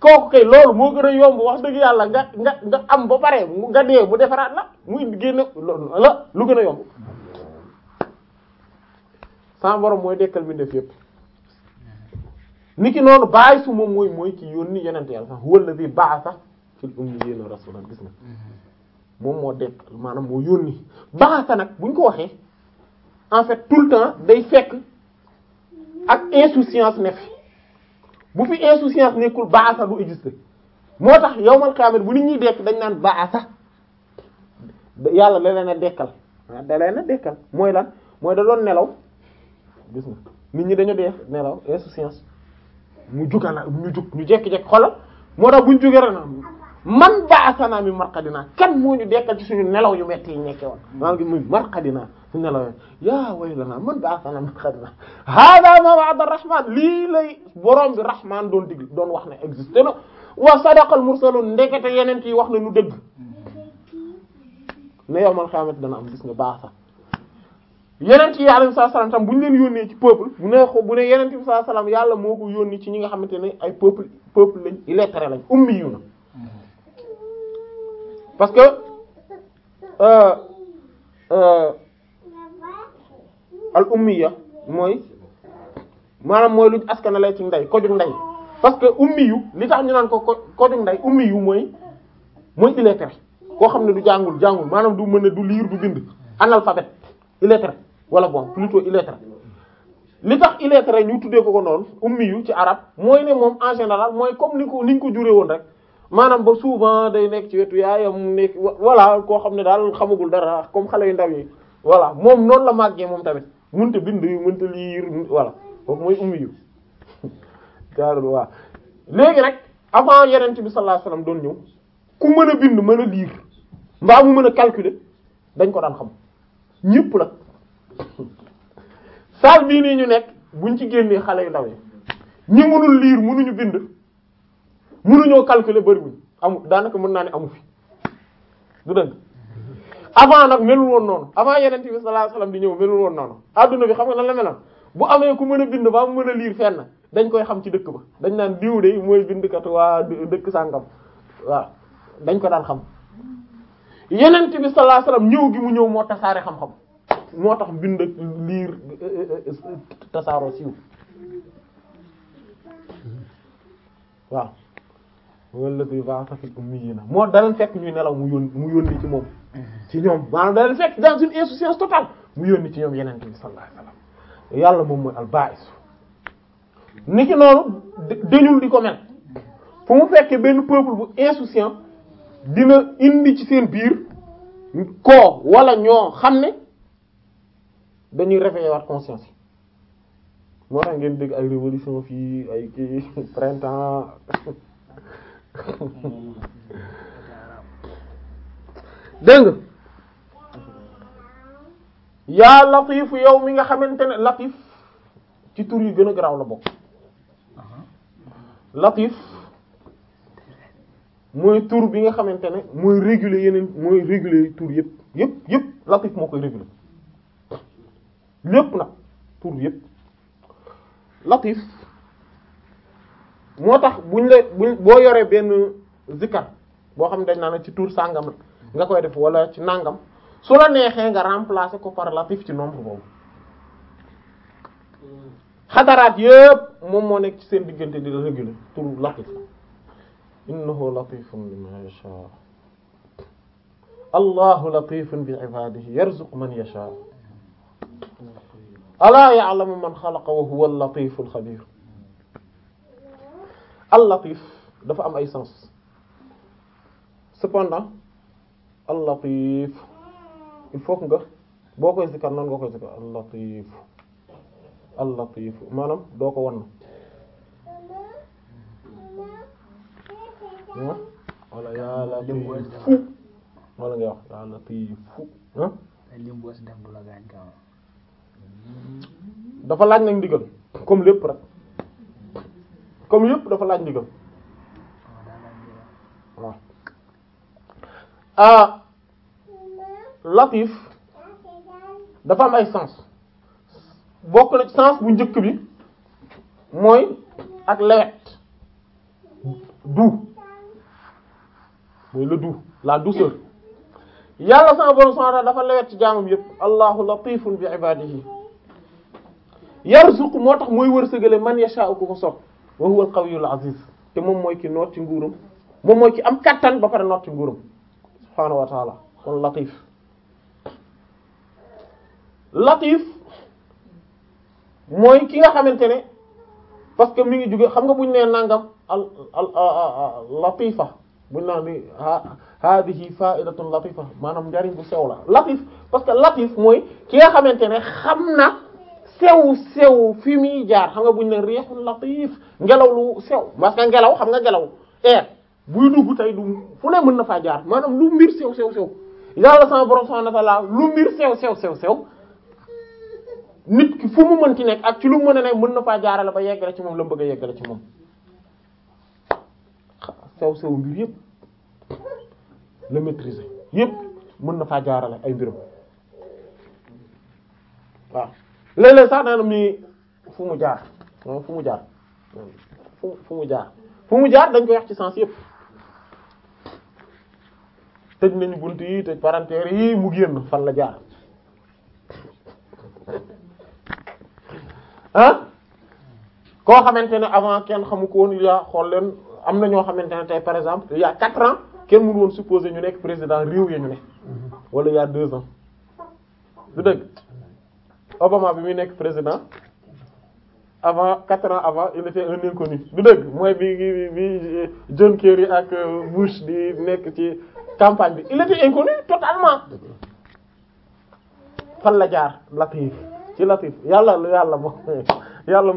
kooku kay loolu moo gën a yomb wax dëgg yàlla nga nga nga am ba pare nga dee bu defaraat la muy génne la lu gën a yomb sama mooy dekkal bi def yépp niki noonu bàyyi su moom mooy mooy ci yónni yonent yàlla sax huwa allazi ba'atha fil ummiyyiina rasuulan gis na moom moo dekkal maanaam moo yónni ba'atha nag buñ ko waxee en fait tout le temps day fekk ak insouciance ne fi bu fi insouciance nekkul baasa du exister moo tax yowmal xiyaama bu nit ñuy dekk dañ naan baasa yàlla da leen a dekkal ah da leen a dekkal mooy lan mooy da nelaw gis nga nit ñi dañu dee nelaw insouciance mu jugala ñu jug ñu jekki-jekki xoolal moo tax buñ jógee rek man baasa naa mi marqadinaa kan moo ñu dekkal ci suñu nelaw yu metti nekkee woon maa ngi muy marqadinaa su nelawee yaa waylanaa man ba'asanaa min qarinaa haadaa maa wa'ada ar-rahmaan lii lay borom bi rahmaan doon digg doon wax ne existé na wa sadaqal mursaluun ndekete yeneen yi wax na lu dëgg ne yow man xamante dana am gis nga baax yenent yi alayhi salaam tam bu ñu leen yónnee ci peuple bu ne bu ne yenent bi salaam yàlla moo ko yónni ci ñi nga xamante ne ay peuple peuple lañ illettré ummi yu na parce que euh, euh al ya mooy maanaam mooy luñ askanale ci ndey koju ndey parce que ummi yu li tax ñu naan ko koju ndey ummi yu mooy mooy illettré koo xam ne du jàngul jàngul maanaam du mën a du liir du bind analphabète illettré wala bon plutôt illettré li tax illettré ñu tuddee ko ko noonu ummi yu ci arab mooy ne moom en général mooy comme ni ko ni ko juree woon rek maanaam ba souvent day nekk ci wetu yaayam nekk voilà koo xam ne daal xamagul dara comme xale yu ndaw yi voilà moom noonu la màggee moom tamit mënta bind mënta liir voilà kooku mooy ummi yu jaarul waa léegi rek avant yenent bi sallallahu alayhi wasallam doon ñëw ku mën a bind mën a liir mbaa mu mën a calculer dañ ko daan xam ñëpp la saal bii nii ñu nekk buñ ci génnee xale yu ndaw yi ñi mënul liir mënuñu bind mënuñoo calculer bëriwuñ amul daanaka mën naa ne amu fi du dëgg avant nag melul woon noonu avant yeneen bi sallallahu alayhi wasallam di ñëw melul woon noonu àdduna bi xam nga nan la meloon bu amee ku mën a bind ba mu mën a liir fenn dañ koy xam ci dëkk ba dañ naan diw de mooy bindkat waa dëkk sàngam waaw dañ ko daan xam yeneen bi sallallahu alayhi ñëw gi mu ñëw moo tasaare xam-xam moo tax bind liir tasaaroo siiw waaw walla bi baax tafi ummi yi na moo dalan fekk ñuy nelaw mu yónni mu yónni ci moom ci ñoom maanaam da leen fekk dans une insouciance totale mu yónni ci ñoom yenente bi sallallahu alayhi wasallam yàlla moom mooy al-ba'is ni ki noonu dañul di ko mel fu mu fekkee benn peuple bu insouciant dina indi ci seen biir koo wala ñoo xam ne dañuy réveiller waat conscience yi moo tax ngeen dégg ay révolution fii ay kii [laughs] printemps [laughs] dégg nga yaa latif yow mi nga xamante ne latif ci tur yi gën a garaaw la bokk uh-huh. latif mooy tur bi nga xamante ne mooy réguler yeneen mooy réguler tur yëpp yëpp yëpp latif moo koy réguler yépp nag tur yëpp latif moo tax buñ la buñ boo yoree benn zikkar boo xam ne dañ naa ne ci tuur sàngam la nga koy def wala ci nangam su la neexee nga remplacer ko par latif ci nombre boobu hmm. xadaraat yépp moom moo nekk ci seen diggante di réguler turu latif innahu latifun lima yasha allahu latifun bi ibadihi yarzuqu man yasha alaa ya'lamu man xalaqa wa huwa al-latiful xabiir dafa am ay sens cependant al-Latif il faut nga boo koy zikar noonu nga koy zikar al-Latif al-Latif maanaam doo ko wan wala yaa Latif wala nga wax yaa Latif dafa laaj nag ndigal comme lépp rek comme yépp dafa laaj ndigal ah latif dafa am ay sens bokk na ci sens bu njëkk bi mooy ak lewet doux mooy le doux la douceur yàlla sama borom subhanahu dafa lewet ci jaamam yépp allahu latifun bi ibadihi yarzuq moo tax mooy wërsëgale man yasha'u ku ko sopp wa huwa al qawiyul aziz te moom mooy ki noot ci nguuram moom mooy ki am kàttan ba pare noot ci nguuram subhaanahu wa taala kon latif latif mooy ki nga xamante ne parce que mi ngi jóge xam nga buñu nee nangam al al latifa buñ naan ni haadihi fa'idatun latifa maanaam njariñ bu sew la latif parce que latif mooy ki nga xamante ne xam na sew sew fi muy jaar xam nga buñ ne riihun latif ngelaw lu sew parce que ngelaw xam nga ngelaw air buy dugg tey du fu ne mën na faa jaar maanaam lu mbir sew sew sew yàlla sama borom subhanahu wa ta'ala lu mbir sew sew sew sew nit ki fu mu mënti nekk ak ci lu mën a mën na faa jaarale ba yeggale ci moom la mu bëgg a yeggale ci moom sew sew mbir yépp la maîtriser yëpp mën na faa jaarale ay mbiram waaw léeg-léeg sax daanam ni fu mu jaar fu mu jaar fu mu jaar fu mu jaar dañ koy wax ci sens yëpp tëj nañu bunt yi tëj parenthèse yi mu génn fan la jaar ah koo xamante ne avant kenn xamu ko yaa xool leen am na ñoo xamante ne par exemple il y a quatre ans kenn mënu woon supposé ñu nekk président réew ya ñu ne wala il deux ans du dëgg Obama bi muy nekk président avant quatre ans avant il était un inconnu du dëgg mooy bi bi John Kerry ak Bush di nekk ci campagne bi il était inconnu totalement fan la jaar latif ci latif yàlla lu yàlla moo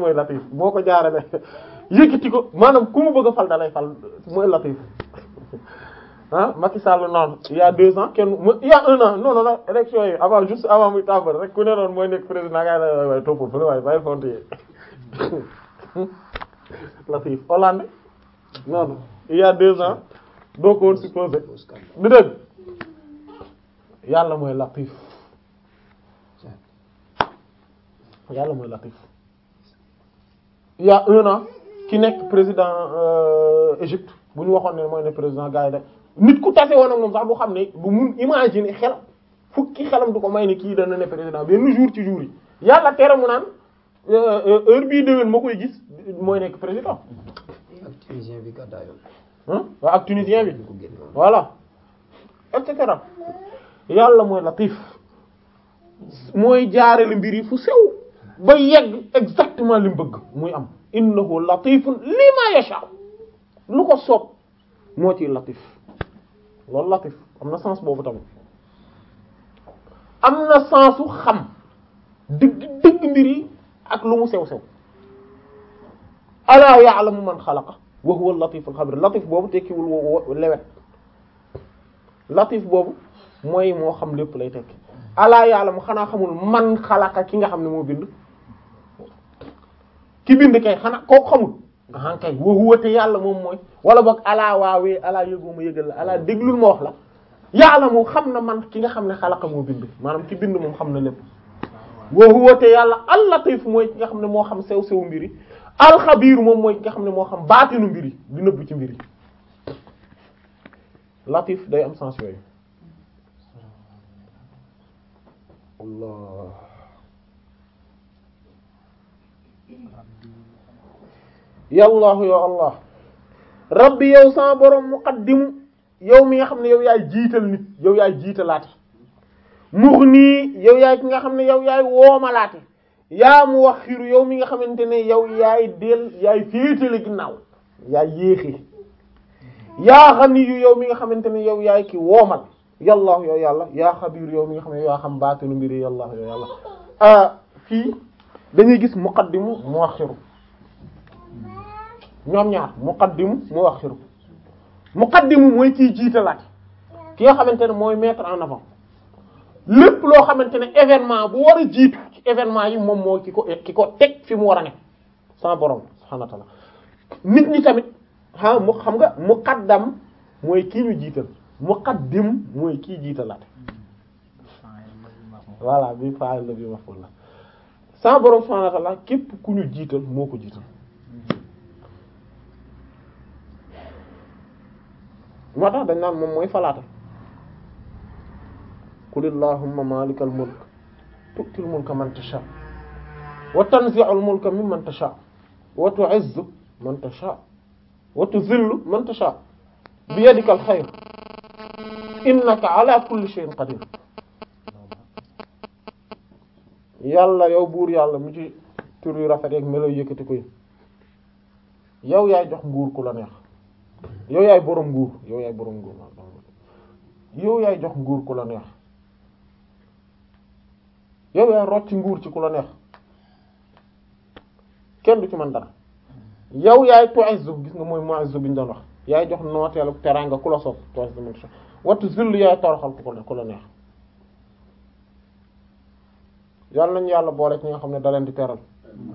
[laughs] mooy latif boo ko jaarale [laughs] yëkkati ko maanaam ku mu bëgg a fal dalay fal mooy latif [laughs] ah Macky Sall noonu il y a deux ans kenn an non non non élection yi avant juste avant muy tàmbali rek mooy nekk président gaa yi waaye toppul fële waaye bàyyi font yi latif Hollande noonu il y a deux doo ko woon supposé du dëgg yàlla mooy latif yàlla mooy latif il y ki nekk président euh, Égypte bu ñu waxoon ne mooy ne président gars nit ku tase woon ak moom sax du xam ne bu mun imaginer xel fukki xelam du ko may ne kii dana ne président benn jour ci jour yi yàlla tere mu naan euh, euh, heure bii déwén ma koy gis mooy nekk président. ak tunisien bi gàddaayoon waa ak tunisien bi voilà yàlla mooy latif mooy jaarale mbir yi fu sew ba yegg exactement li mu bëgg muy am innahu latifun lima yasha lu ko soob moo ci latif loolu latif am na sens boobu tamit am na sensu xam dëgg dëgg mbir yi ak lu mu sew sew ala ya'lamu man xalaqa wa huwa latiful xabir latif boobu tekkiwul wo lewet latif boobu mooy moo xam lépp lay tekki alaa yàlla mu xanaa xamul man xalaka ki nga xam ne moo bind ki bind kay xanaa kooku xamul ahan kay wa huwa te yàlla moom mooy wala boog alaa waawe alaa yëgoo ma yëgal la alaa déglul ma wax la yàlla mu xam na man ki nga xam ne xalaka moo bind maanaam ki bind moom xam na lépp wa huwa te yàlla al latif mooy ki nga xam ne moo xam sew sew mbiri alxabiir moom mooy nga xam ne moo xam baatinu mbir yi di ci mbir yi latif day am sens yooyu allah yallaahu rabbi yow sa borom muqaddimu yow mi nga xam ne yow yaay jiital nit yow yaay jiitalaate mux nii yow yaay ki nga xam ne yow yaay woomalaate yaa mu wax xiru yow mi nga xamante ne yow yaay del yaay féetale ginnaaw yaay yéexi yaa xaniyu yow mi nga xamante ne yow yaay ki woomal yàlla yow yàlla yaa xabiir yow mi nga xam ne yaa xam baatinu mbiri yàlla yow yàlla ah, fii dañuy gis muqaddimu mu wax xiru ñoom ñaar muqaddimu mu wax xiru muqaddimu mooy ciy jiitalaat ki nga xamante ne mooy mettre en avant lépp loo xamante événement bu war a jiitu ci événement yi moom moo ki ko ki ko teg fi mu war a ne sama borom subhanahu wa nit ñi tamit ah mu xam nga muqaddam mooy kii ñu jiital muqaddim mooy kii jiitalaate voilà la bi la sama borom subhanahu wa képp ku ñu jiital moo ko jiital moo tax dañ naan moom mooy falaata qul allahumma malikal mulk tu'til mulka man tasha wa tanzi'ul mulka mimman tasha wa tu'izzu man tasha wa tuzillu man tasha bi yadikal xayr innaka ala kulli shay'in qadir yàlla yow buur yàlla mu ci tur yu rafet ak melo yëkkati ko yi yow yaay jox nguur ku la neex yow yaay boroom nguur yow yaay boroom nguur yow yaay jox nguur ku la neex yow yaa rocc nguur ci ku la neex kenn du ci man dara yow yaay tu'izzu gis nga mooy mu'izzu bi ñu doon wax yaay jox nooteelu teraanga ku la soob tu'izzu min sha wattu zillu yaay toroxal ku ko ku la neex yàlla nañu yàlla boole ci ñi xam ne da leen di teral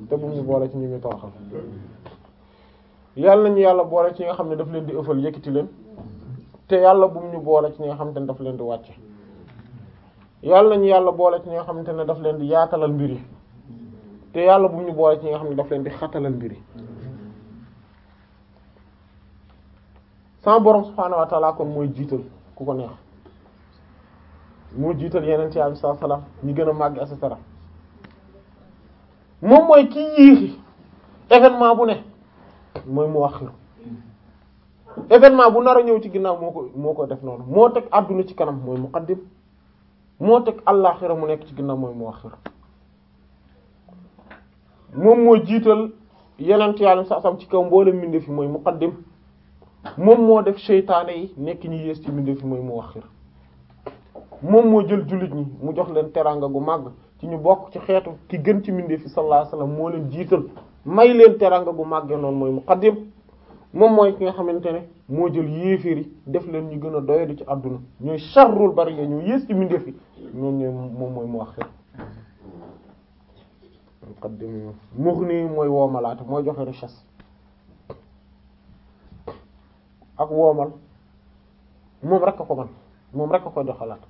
te bu ñu boole ci ñu ngi toroxal yàlla boole ci ñi nga xam ne daf leen di ëffal yëkkati leen te yàlla bu ñu boole ci ñi nga xam ne dafa leen di wàcce yàlla ñu yàlla boole ci ñi nga xamante ne daf leen di yaatalal mbir yi te yàlla bu ñu boole ci ñi nga xam ne daf leen di xatalal mbir yi sama borom subhaanahu wa kon mooy jiital ku ko neex moo jiital yeneen ci sallallahu alayhi ñi gën a màgg et cetera moom mooy ki yéexi événement bu ne mooy mu wax événement bu nar a ñëw ci ginnaaw moo ko moo ko def noonu moo teg àdduna ci kanam mooy muqaddim moo teg àllaaxira mu nekk ci ginnaaw mooy mu axira moom moo jiital yenent yàlla sa sam ci kaw mboole mbindeef yi mooy muqaddim moom moo def seytaane yi nekk ñi yées ci mbindeef yi mooy mu moom moo jël jullit ñi mu jox leen teraanga gu màgg ci ñu bokk ci xeetu ki gën ci mbindeef yi sallallahu alayhi moo leen jiital may leen teraanga gu màggee noonu mooy muqaddim moom mooy ki nga xamante ne moo jël yéeféeri def leen ñu gën a doyadi ci àdduna ñooy sharrul bari ñoo yées ci mbindeef yi ñoom ñooy moom mooy mu axir muqaddim mughni mooy woomalaate mooy joxe richesse ak woomal moom rek a ko man moom rek a ko joxalaat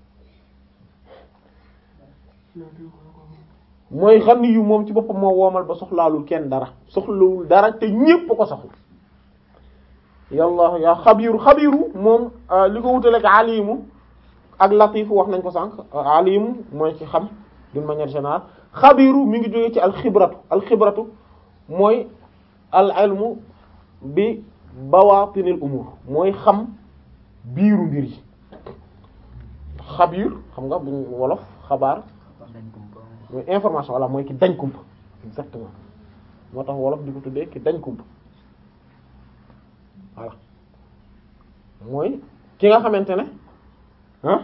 mooy xam ni yu moom ci boppam moo woomal ba soxlaalul kenn dara soxlawul dara te ñépp ko soxla yàlla yaa xabiiru xabiiru moom euh, li ko wutaleeg alimu ak latifu wax nañ ko sànq euh, alimu mooy ci xam d'une manière générale xabiiru mi ngi jógee ci alxibratu alxibratu mooy al ilmu bi bawatinil umur mooy xam biiru mbir yi xabiir xam nga buñ wolof xabaar mooy information walla mooy ki dañ kumpa moo tax wolof di ko tuddee ki dañ kumpa mooy ki nga xamante ne ah,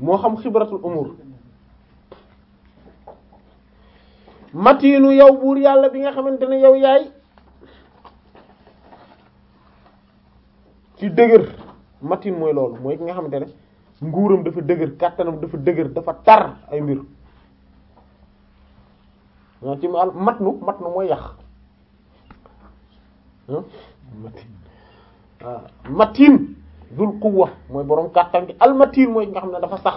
moo xam xibratul umur matiinu yow buur yàlla bi nga xamante ne yow yaay ci dëgër matin mooy loolu mooy ki nga xamante ne nguuram dafa dëgër kàttanam dafa dëgër dafa tar ay mbir ci mat nu mat nu mooy yàq matin Ah. matin dul quwwa mooy boroom kàttan gi al matin mooy nga xam ne dafa sax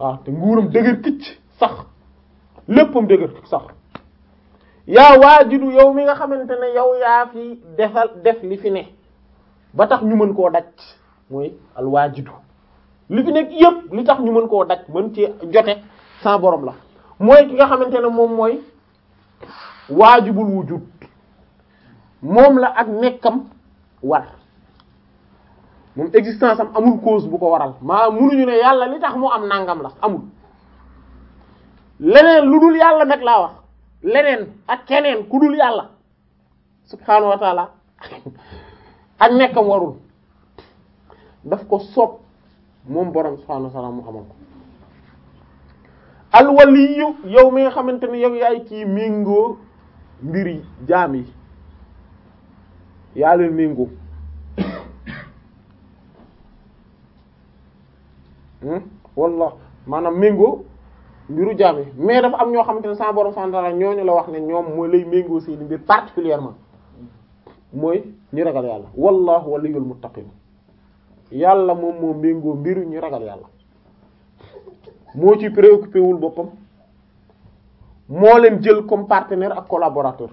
waaw ah, te nguuram dëgër kicc sax léppam dëgër sax yaa waajidu yow mi nga xamante ne yow yaa fi defal def li fi ne ba tax ñu mën koo daj mooy al waajidu li fi nekk yépp li tax ñu mën koo daj mën ci jote sans borom la mooy ki nga xamante ne moom mooy waajibul wujud moom la ak nekkam war moom existence am amul cause bu ko waral maa munuñu ne yàlla li tax mu am nangam la amul leneen lu dul yàlla nag laa wax leneen ak keneen ku dul yàlla subhaanahu wa taala [laughs] ak nekkam warul daf ko soob moom borom subhaanahu wa mu amal ko alwaliyu yow mi nga xamante ne yow yaay kii méngoo mbiri jaam yi yaa leen méngoo hmm? walla maanaam mingo mbiru jaam mais dafa am ñoo xamante ne sa borom santara ñooñu la wax ne ñoom mooy lay méngoo seeni mbir particulièrement mooy ñu ragal yàlla wallahu waliyul muttaqin yàlla moom moo méngoo mbiru ñu ragal yàlla moo ci préoccupé wul boppam moo leen jël comme partenaire ak collaborateur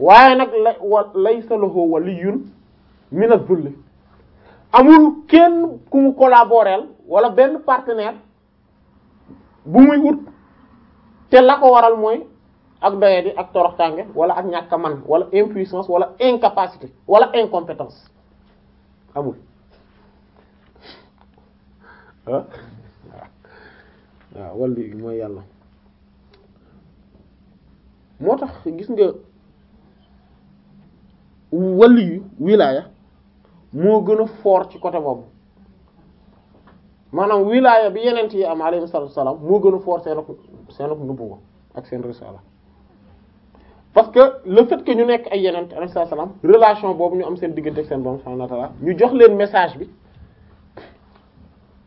waaye nag la wa laysa lahu waliyyun min az-zulli amul kenn ku mu collaborer wala benn partenaire bu muy ut te la ko waral mooy ak doyadi ak toroxtaange wala ak ñàkk a man wala impuissance wala incapacité wala incompétence amul ah, ah waaw wàllu mooy yàlla moo tax gis nga. wali yu wilaya moo gën a fort ci côté boobu maanaam wilaya bi yeneen yi am alayhi salaatu salaam moo gën a fort seen ak seen ak ak seen risala parce que le fait que ñu nekk ay yeneen alayhi salaatu salaam relation boobu ñu am seen diggante ak seen borom subhaanahu wa ta'aala ñu jox leen message bi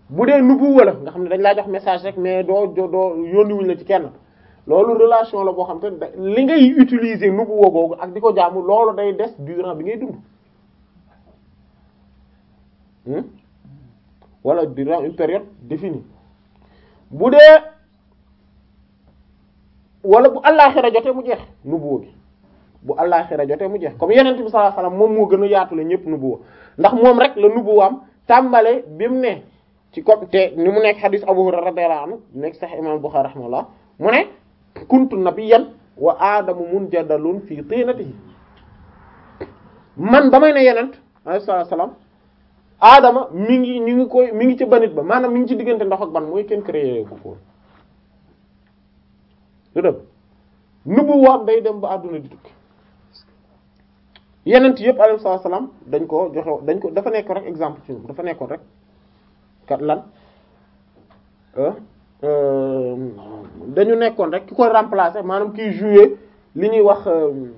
bu dee nubuwa la nga xam ne dañ laa jox message rek mais doo doo yónni la ci kenn. loolu relation la boo xam te li ngay utiliser nubuwa googu ak di ko jaamu loolu day des durant bi ngay dund hmm? wala durant une période définie bu dee wala bu allaaxira jotee mu jeex nubuwa bi bu allaaxira jotee mu jeex comme yenent bi sallallahu alayhi moom moo gën a yaatu la ñëpp nubuwa ndax moom rek la nubuwaam tàmbale bi mu ne ci côté ni mu nekk hadith Abu Hurayra radiyallahu nekk sax imam Bukhari rahimahullah mu ne na kuntu nabiyyan wa aadamu munjadalun fii tinatihi man ba may ne yenent alayhi salaam aadama mu ngi ñu ngi koy mi ngi ci banit ba maanaam mi ngi ci diggante ndox ak ban mooy kenn créé ko ko dëgg nubuwaam day dem ba àdduna di tukki yenent yëpp alayhi salaam dañ ko joxe dañ ko dafa nekkoon rek exemple ci dafa nekkoon rek ka lan euh, Euh, dañu nekkoon rek ki koy remplacer maanaam kiy jouer li ñuy wax euh,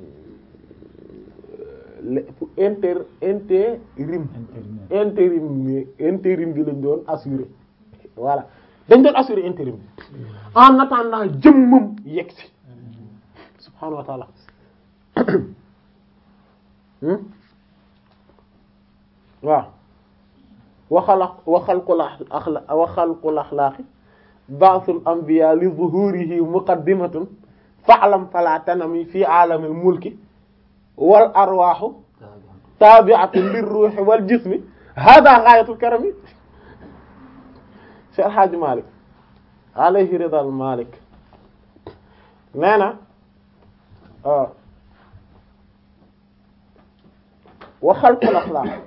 inter intérim intérim intérim bi lañ doon assurer voilà dañ doon assurer intérim bi en jëmmam yegg si subhaanahu wa [coughs] hmm? waaw waxal waxal ko la axla waxal ko laxlaaxi ba'sul anbiya li zuhurihi muqaddimatun fa'lam fala tanami fi alamil mulki wal arwahu tabi'atun lirruhi wal jismi hada ghayatul karami Cheikh Hadji Malick alayhi ridal Malick nee na ah, wa xalqul axlaaq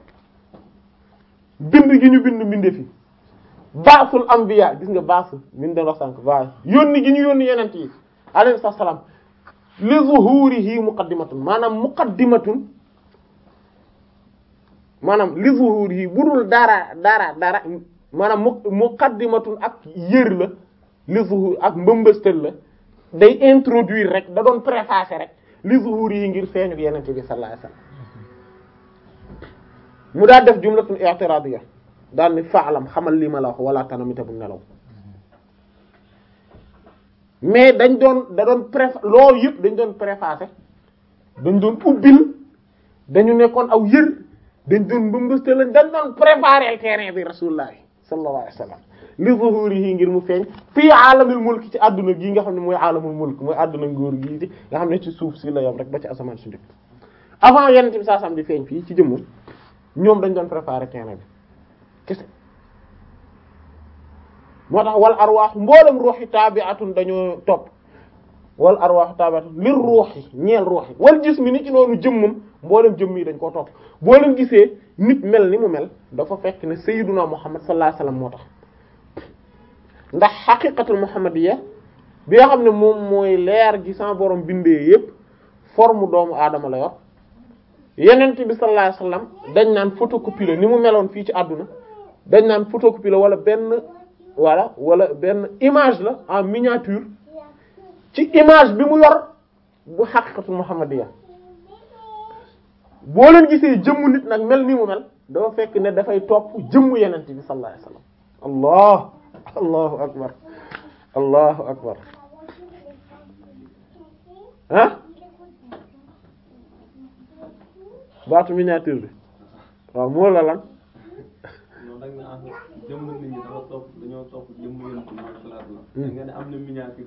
bind gi ñu bind mbindeef yi baasul anbiya gis nga baas min doon wax sànk baas yónni gi ñu yónni yenent yi alayhi salaam li zuhurihi muqaddimatun maanaam muqaddimatun maanaam li zuhurihi budul dara dara dara maanaam mu ak yër la li zuhur ak mbëmbëstal day introduire rek da doon préfacer rek li zuhurihi ngir feeñu yenent bi sallallahu alayhi mu daa def jumlatun i'tiradiyya daan ni faalam xamal lii ma la wala tanamita bu nelaw mais dañ doon da doon pré loolu yëpp dañ doon préfacé dañ doon ubbil dañu nekkoon aw yër dañ doon mbëmbëste lañ dañ doon préparer terrain bi rasulullah sallallahu alayhi wasallam li zuhurihi ngir mu feeñ fii aalamul mulk ci àdduna gii nga xam ne mooy aalamul mulk mooy àdduna ngóor gii ci nga xam ne ci suuf si la yam rek ba ci asamaan su njëkk avant yenn bi saa bi feeñ fii ci jëmm ñoom dañ doon préparer terrain bi kese moo tax wal arwaaxu mboolem ruuxi taabi'atun dañoo topp wal arwaaxu taabi'atun lir ruuxi ñeel ruuxi wal jismi ni ci noonu jëmmam mboolem jëmm yi dañ koo topp boo leen gisee nit mel ni mu mel dafa fekk ne sayyiduna muhammad sallallahu alayhi wasallam moo tax ndax xaqiqatul muhammadiyya bi nga xam ne moom mooy leer gi sans boroom bindee yépp formu doomu aadama la yor yenent bi sallallahu alayhi dañ naan photocopie la ni mu meloon fii ci àdduna dañ naan photocopie la wala benn voilà wala benn image la en miniature ci image bi mu yor bu xaqiqatul muhammadiya boo leen gisee jëmm nit nag mel ni mu mel dafa fekk ne dafay topp jëmmu yenent bi sallallahu alayhi wasallam allah allahu akbar allahu akbar ah baatu miniature bi waaw moo la lan Ah, moom da hmm. nga am na miniature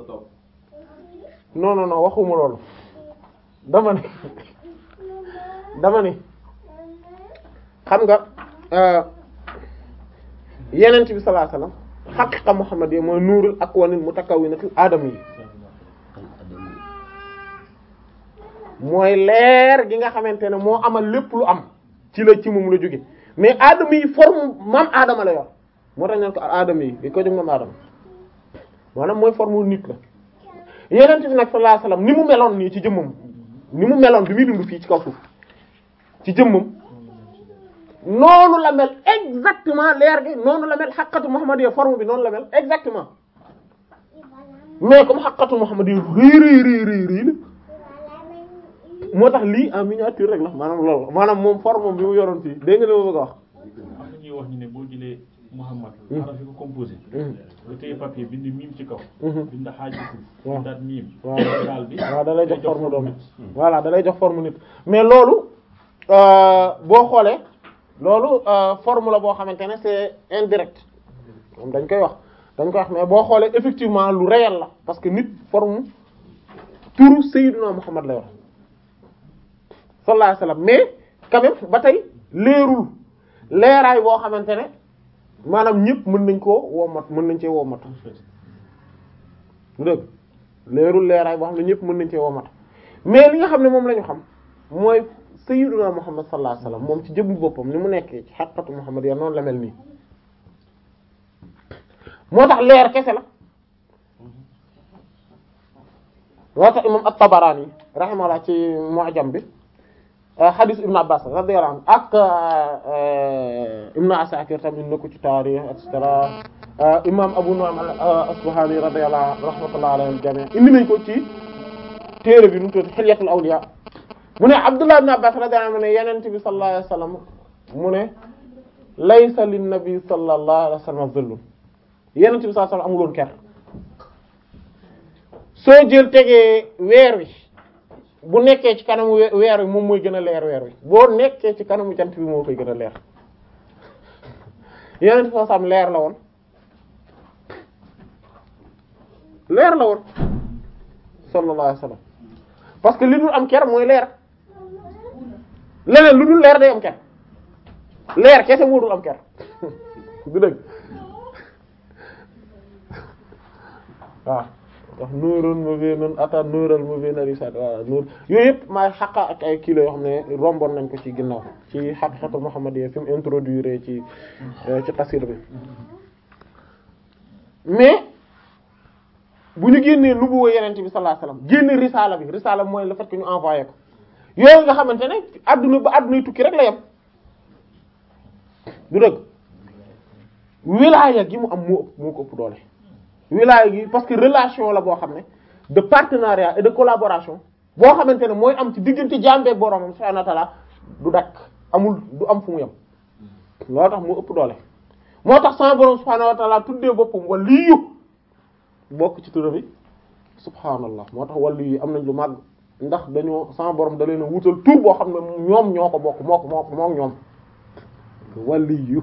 foofu waxuma loolu dama ne dama ne xam nga euh, yeneen ci bi sallallahu alayhi wasallam xaqiqa Muhammad yi mooy nuurul akwanil mutakawwinatil aadam yi mooy leer gi nga xamante ne moo amal lépp lu am ci la ci moom la jóge mais aadama yi forme maam aadama la yor moo tax ñu ko aadama yi dañ koy jox maam aadama maanaam mooy forme nit la yeneen bi nag sallallahu ni mu meloon nii ci jëmmam ni mu meloon bi muy dund fii ci kaw suuf ci jëmmam noonu la mel exactement leer gi noonu la mel xaqatu muhammadiyya forme bi noonu la mel exactement mais comme xaqatu muhammadiyya rëy rëy rëy moo tax lii en miniature rek la maanaam loolu maanaam moom forme bi mu yoroon fii dégg nga li ma bëgg a wax. ne boo jëlee Muhammad. Hmm. araf yi ko composé. Hmm. nga téye papier bind miim ci kaw. Hmm. bind xaaj ci suuf. waaw daal bi waaw da lay jox forme doom voilà da lay jox forme nit mais loolu euh, boo xoolee loolu euh, forme la boo xamante ne c'est indirect moom dañ koy wax dañ koy wax mais boo xoolee effectivement lu réel la parce que nit forme turu Sayyidina Muhammad lay wax. sallallahu alayhi wasallam mais quand ba tey leerul leeraay boo xamante ne maanaam ñëpp mën nañ koo wommat mën nañ cee wommat dëgg leerul leeraay boo xam ne ñëpp mën nañ cee wommat mais li nga xam ne moom la ñu xam mooy sayyiduna muhammad sallallahu alayhi wasallam moom ci jëmm boppam ni mu nekkee ci xaqatu muhammad ya noonu la nii moo tax leer kese la moo tax imam at-Tabarani rahimahullah ci mu'jam bi xadiis euh, ibnu Abbaas radiyallahu anhu ak euh, euh, ibnu Asakir tamit na ko ci taarix et cetera imaam Abu Nu'aym al-Asbahaani radiyallahu rahmatullahi alayhim jami' indi nañ ko ci téere bi nu mu tudd Hilyatul Awliyaa mu ne Abdullah ibnu Abbaas radiyallahu anhu ne Yonent bi sallallahu alayhi wasallam mu ne laysa linnabi sallallahu alayhi wasallam zullun Yonent bi sallallahu alayhi wasallam amuloon ker soo jël tegee weer wi bu nekkee ci kanamu weer wi moom mooy gën a leer weer wi boo nekkee ci kanamu jant bi moo koy gën a leer yeneen soo sam leer la woon leer la woon sallallahu alayhi parce que li dul am ker mooy leer leneen lu dul leer day am ker leer kese moo dul am ker [laughs] du dëgg [laughs] waaw wax nuurun mubiinun ata nuural mubiina risaat wa yooyu yëpp maay xaqa ak ay kilo yoo xam ne romboon nañ ko ci ginnaaw ci xaqiiqatu muhammadiyya fi mu introduire ci euh, ci tafsir bi mais bu ñu génnee nubuwa yenente bi sallallahu alayhi wasallam génne risaala bi risaala bi mooy le fait que ñu envoyé ko yooyu nga xamante ne àdduna ba addunay tukki rek la yem du dëgg wilaaya gi mu am moo ëpp moo ëpp doole wilaaya gi parce que relation la boo xam ne de partenariat et de collaboration boo xamante ne mooy am ci diggante jàmbeeg boromam subhanahu wa du dakk amul du am fu mu yem loo tax mu ëpp doole moo tax sama borom subhanahu wa ta'ala tuddee boppam waliyu bokk ci turam yi subhanallah moo tax waliyu yi am nañ lu màgg ndax dañoo sama borom da leen a wutal tur boo xam ne ñoom ñoo ko bokk moo ko moo ko moom ñoom waliyu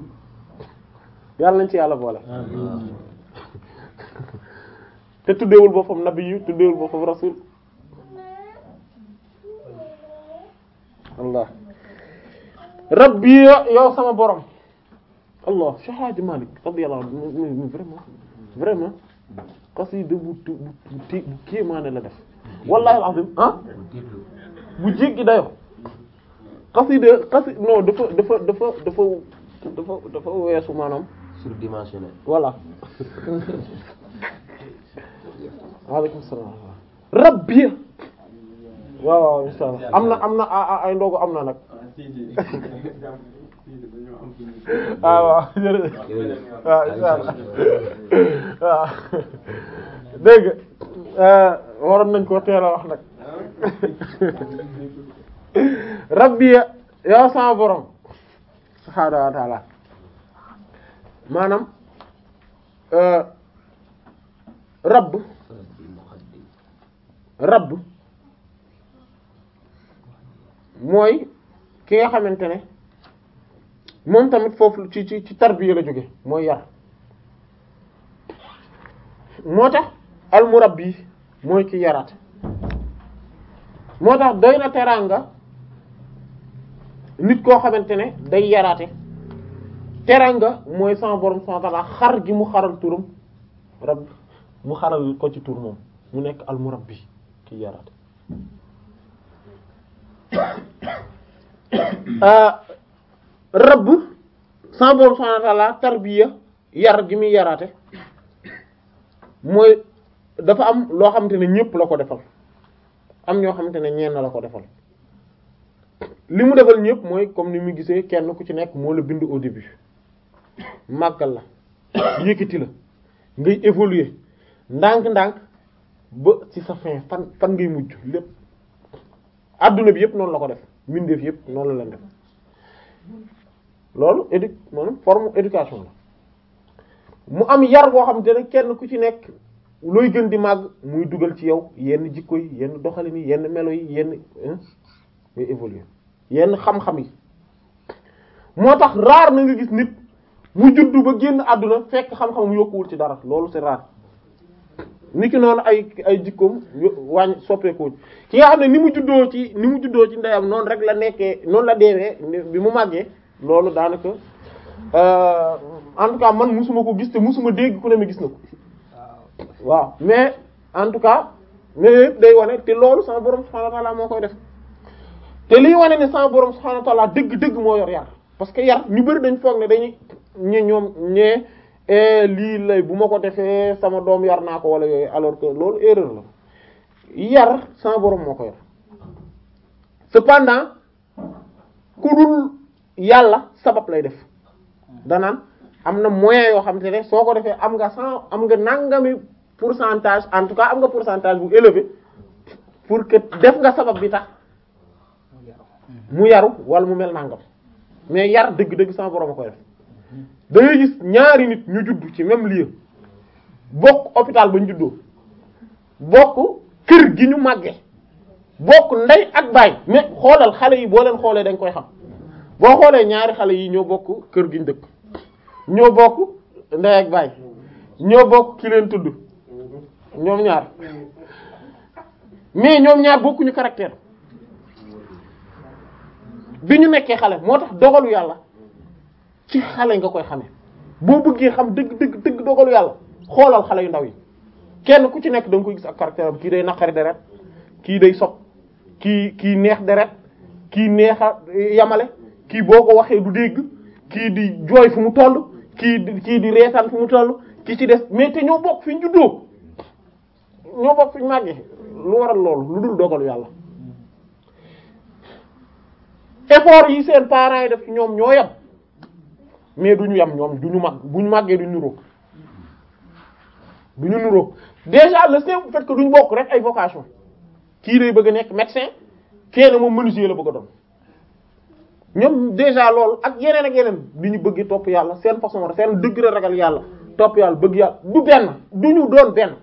yàlla nañ ci yàlla boole te tuddeewul boppam nabi yu tuddeewul boppam rasul allah rabbi yow sama borom allah Cheikh Hadji Malick radiyallahu anhu vraiment vraiment xasida bu bu bu kéemaane la def wallahi alazim ah? bu jéggi dayo xasida xasi non dafa dafa dafa weesu maanaam surdimensionné [laughs] waaleykum salaam rabbi waaw waaw insha Allah am na am na ay ndogu am na nag ah, [laughs] [laughs] ah waaw jërëjëf [laughs] waaw insha Allah waaw dégg euh, waroon nañ ko teel a wax nag rabbi yow sama borom subhaanahu wa ta'ala maanaam euh, rabb rabb mooy ki nga xamante ne moom tamit foofu ci ci ci tarbiya la jóge mooy yar moo tax al murabbi mooy ki yaraat moo tax doy na teraanga nit koo xamante ne day yaraate teraanga mooy sama borom sama taala xar gi mu xaral turam rab mu xaral ko ci tur mu nekk al murabbi kii yaraate [coughs] ah, rabb sama borom subhanahu tarbiya yar gi muy yaraate mooy dafa am loo xamante ne ñépp la ko defal am ñoo xamante ne ñenn la ko defal li mu defal ñépp mooy comme ni mu gisee kenn ku ci nekk moo la bind au début [coughs] màggal la [coughs] yëkkati la ngay évoluer ndànk-ndànk ba si sa fin fan fan ngay mujj lépp adduna bi yëpp noonu la ko def mbindeef yëpp noonu la leen def loolu édu maanaam forme éducation la mu am yar boo xam te kenn ku ci nekk looy gën di màgg muy dugal ci yow yenn jikko yi yenn doxalin yi yenn melo yi yenn muy yenn xam-xam yi moo tax raar na nga gis nit mu juddu ba génn àdduna fekk xam-xam mu yokkuwul ci dara loolu c'est rare ki noonu ay ay jikkoom wàññ soppeeku ki nga xam ne ni mu juddoo ci ni mu juddoo ci ndeyam noonu rek la nekkee noonu la deewee bi mu màggee loolu daanaka euh, en tout cas man musuma ko gis te musuma dégg ku ne mi gis na waaw mais en tout cas mais day wane te loolu sama borom subhanahu wa ta'ala moo koy def te liy wane ne sama borom subhanahu wa ta'ala dëgg-dëgg moo yor yar parce que yar ñu bari dañ foog ne dañuy ñe ñoom ñee. e lii lay bu ma ko defee sama doom yar naa ko wala yooyu alors que loolu erreur la yar sama borom moo ko yar cependant ku dul yàlla sabab lay def danaan am na moyen yoo xam te ne soo ko defee am nga sans am nga nangami centage en tout cas am nga centage bu élevé pour que def nga sabab bi tax mu yaru wala mu mel nangam mais yar dëgg-dëgg sama borom a koy def da gis ñaari nit ñu judd ci même lieu bokk hôpital ba ñu juddoo bokk kër gi ñu màggee bokk ndey ak baay mais xoolal xale yi boo leen xoolee dañ koy xam boo xoolee ñaari xale yi ñoo bokk kër gi ñu dëkk ñoo bokk ndey ak baay ñoo bokk ki leen tudd ñoom ñaar mais ñoom ñaar bokkuñu caractère bi ñu nekkee xale moo tax dogalu yàlla. ci xale nga koy xamee boo bëggee xam dëgg dëgg dëgg dogalu yàlla xoolal xale yu ndaw yi kenn ku ci nekk da koy gis ak caractère am kii day naqari deret kii day sob kii kii neex deret kii neex yamale kii boo ko waxee du dégg kii di jooy fu mu toll kii di kii di reetaan fu mu toll ki ci des mais te ñoo bokk fi ñu juddoo ñoo bokk fi ñu màggee lu waral loolu lu dul dogalu yàlla effort yi seen parents def ci ñoom ñoo yem mais du duñu yam ñoom du duñu mag buñu màggee duñu nuroo ñu nuroo déjà le simple fait que duñu bokk rek ay vocation kii day bëgg a nekk médecin kenn moom menuisier la bëgg a ñoom déjà lool ak yeneen ak yeneen li ñu bëgg topp yàlla seen façon seen degré ragal yàlla topp yàlla bëgg yàlla du benn duñu doon benn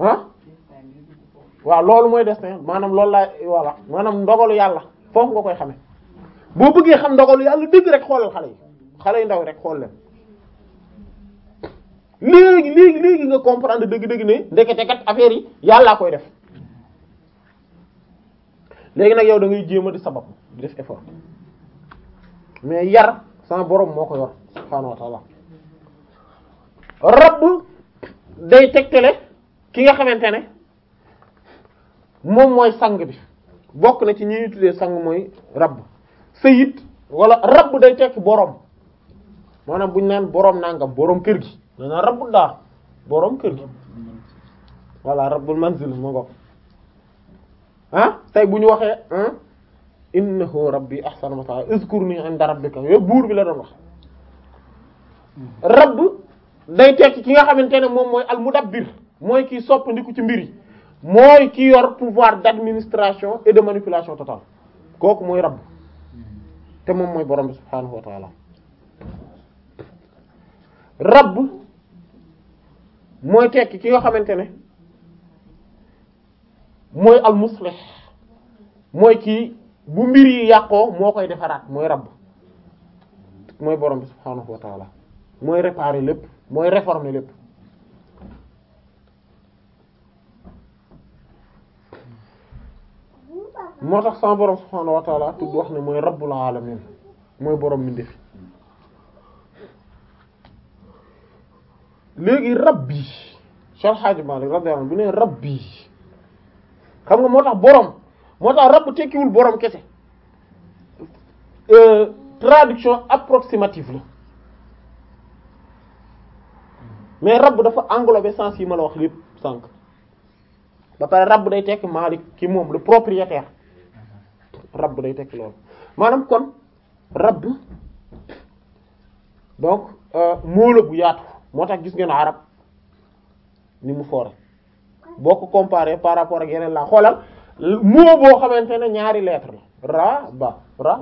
ah waaw loolu mooy destin maanaam loolu la voilà maanaam ndogalu yàlla foofu nga koy xamee boo bëggee xam ndogalu yàlla dëgg rek xoolal xale yi xale yi ndaw rek xool leen léegi léegi léegi nga comprendre dëgg-dëgg ne ndekete kat affaire yi yàllaa koy def léegi nag yow dangay ngay jéem a di sabab di def effort mais yar sama borom moo ko yor subhaanahu wa ta'ala rabb day tegtale ki nga xamante ne moom mooy sang bi bokk na ci ñi ñuy tuddee sang mooy rab sayid wala rabb day tekki boroom maanaam bu ñu naan borom nangam boroom kër gi maanaam rabbu daar boroom kër gi voilà rabbul manzil moo ko ah tey bu ñu waxee ah, innahu rabbi ahsana mataa uzkurni inda rabbika yooyu buur bi la doon wax rabb day tekki ki nga xamante ne moom mooy al mudabbir mooy kii soppandiku ci mbir yi mooy kii yor pouvoir d'administration et de manipulation totale kooku mooy rabb te moom mooy borom bi subhaanahu wa rabb mooy tekki ki yoo xamante ne mooy al muslih mooy kii bu mbir yàqoo moo koy defaraat mooy rabb mooy borom bi subhaanahu wa taala mooy réparer lépp mooy réformer lépp moo tax sama borom subhaanahu wa taala tudd wax ne mooy rabbul alamin mooy borom mi ndef léegi rabbi Cheikh Hadji Malick radiyallahu anhu bu ne rabbi xam nga moo tax borom moo tax rabb tekkiwul borom kese euh, traduction approximative la mais rabb dafa englober sens yi ma la wax lépp sànq ba pare rabb day tekki Malik ki moom le propriétaire rabb day tekki loolu maanaam kon rabb donc euh, moola bu yaatu moo tax gis ngeen arab ni mu foore boo ko comparé par rapport ak yeneen laa xoolal moo boo xamante ne ñaari lettre la ra ba ra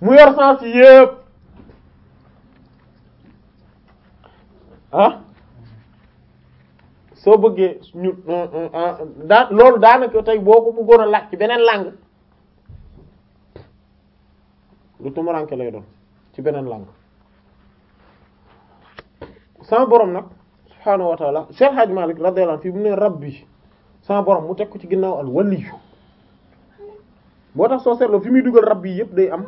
mu yor sens yépp ah? soo bëggee ñu euh, euh, euh, daa loolu daanaka tey boo ko bëggoon a laaj ci beneen langue lu tumuranke lay doon ci beneen langue sama borom nag subhaanahu wa taala Cheikh Hadj Malick radiyallahu fi mu ne rabbi sama borom mu teg ko ci ginnaaw al waliyu boo tax soo seetloo fi muy dugal rabbi yëpp day am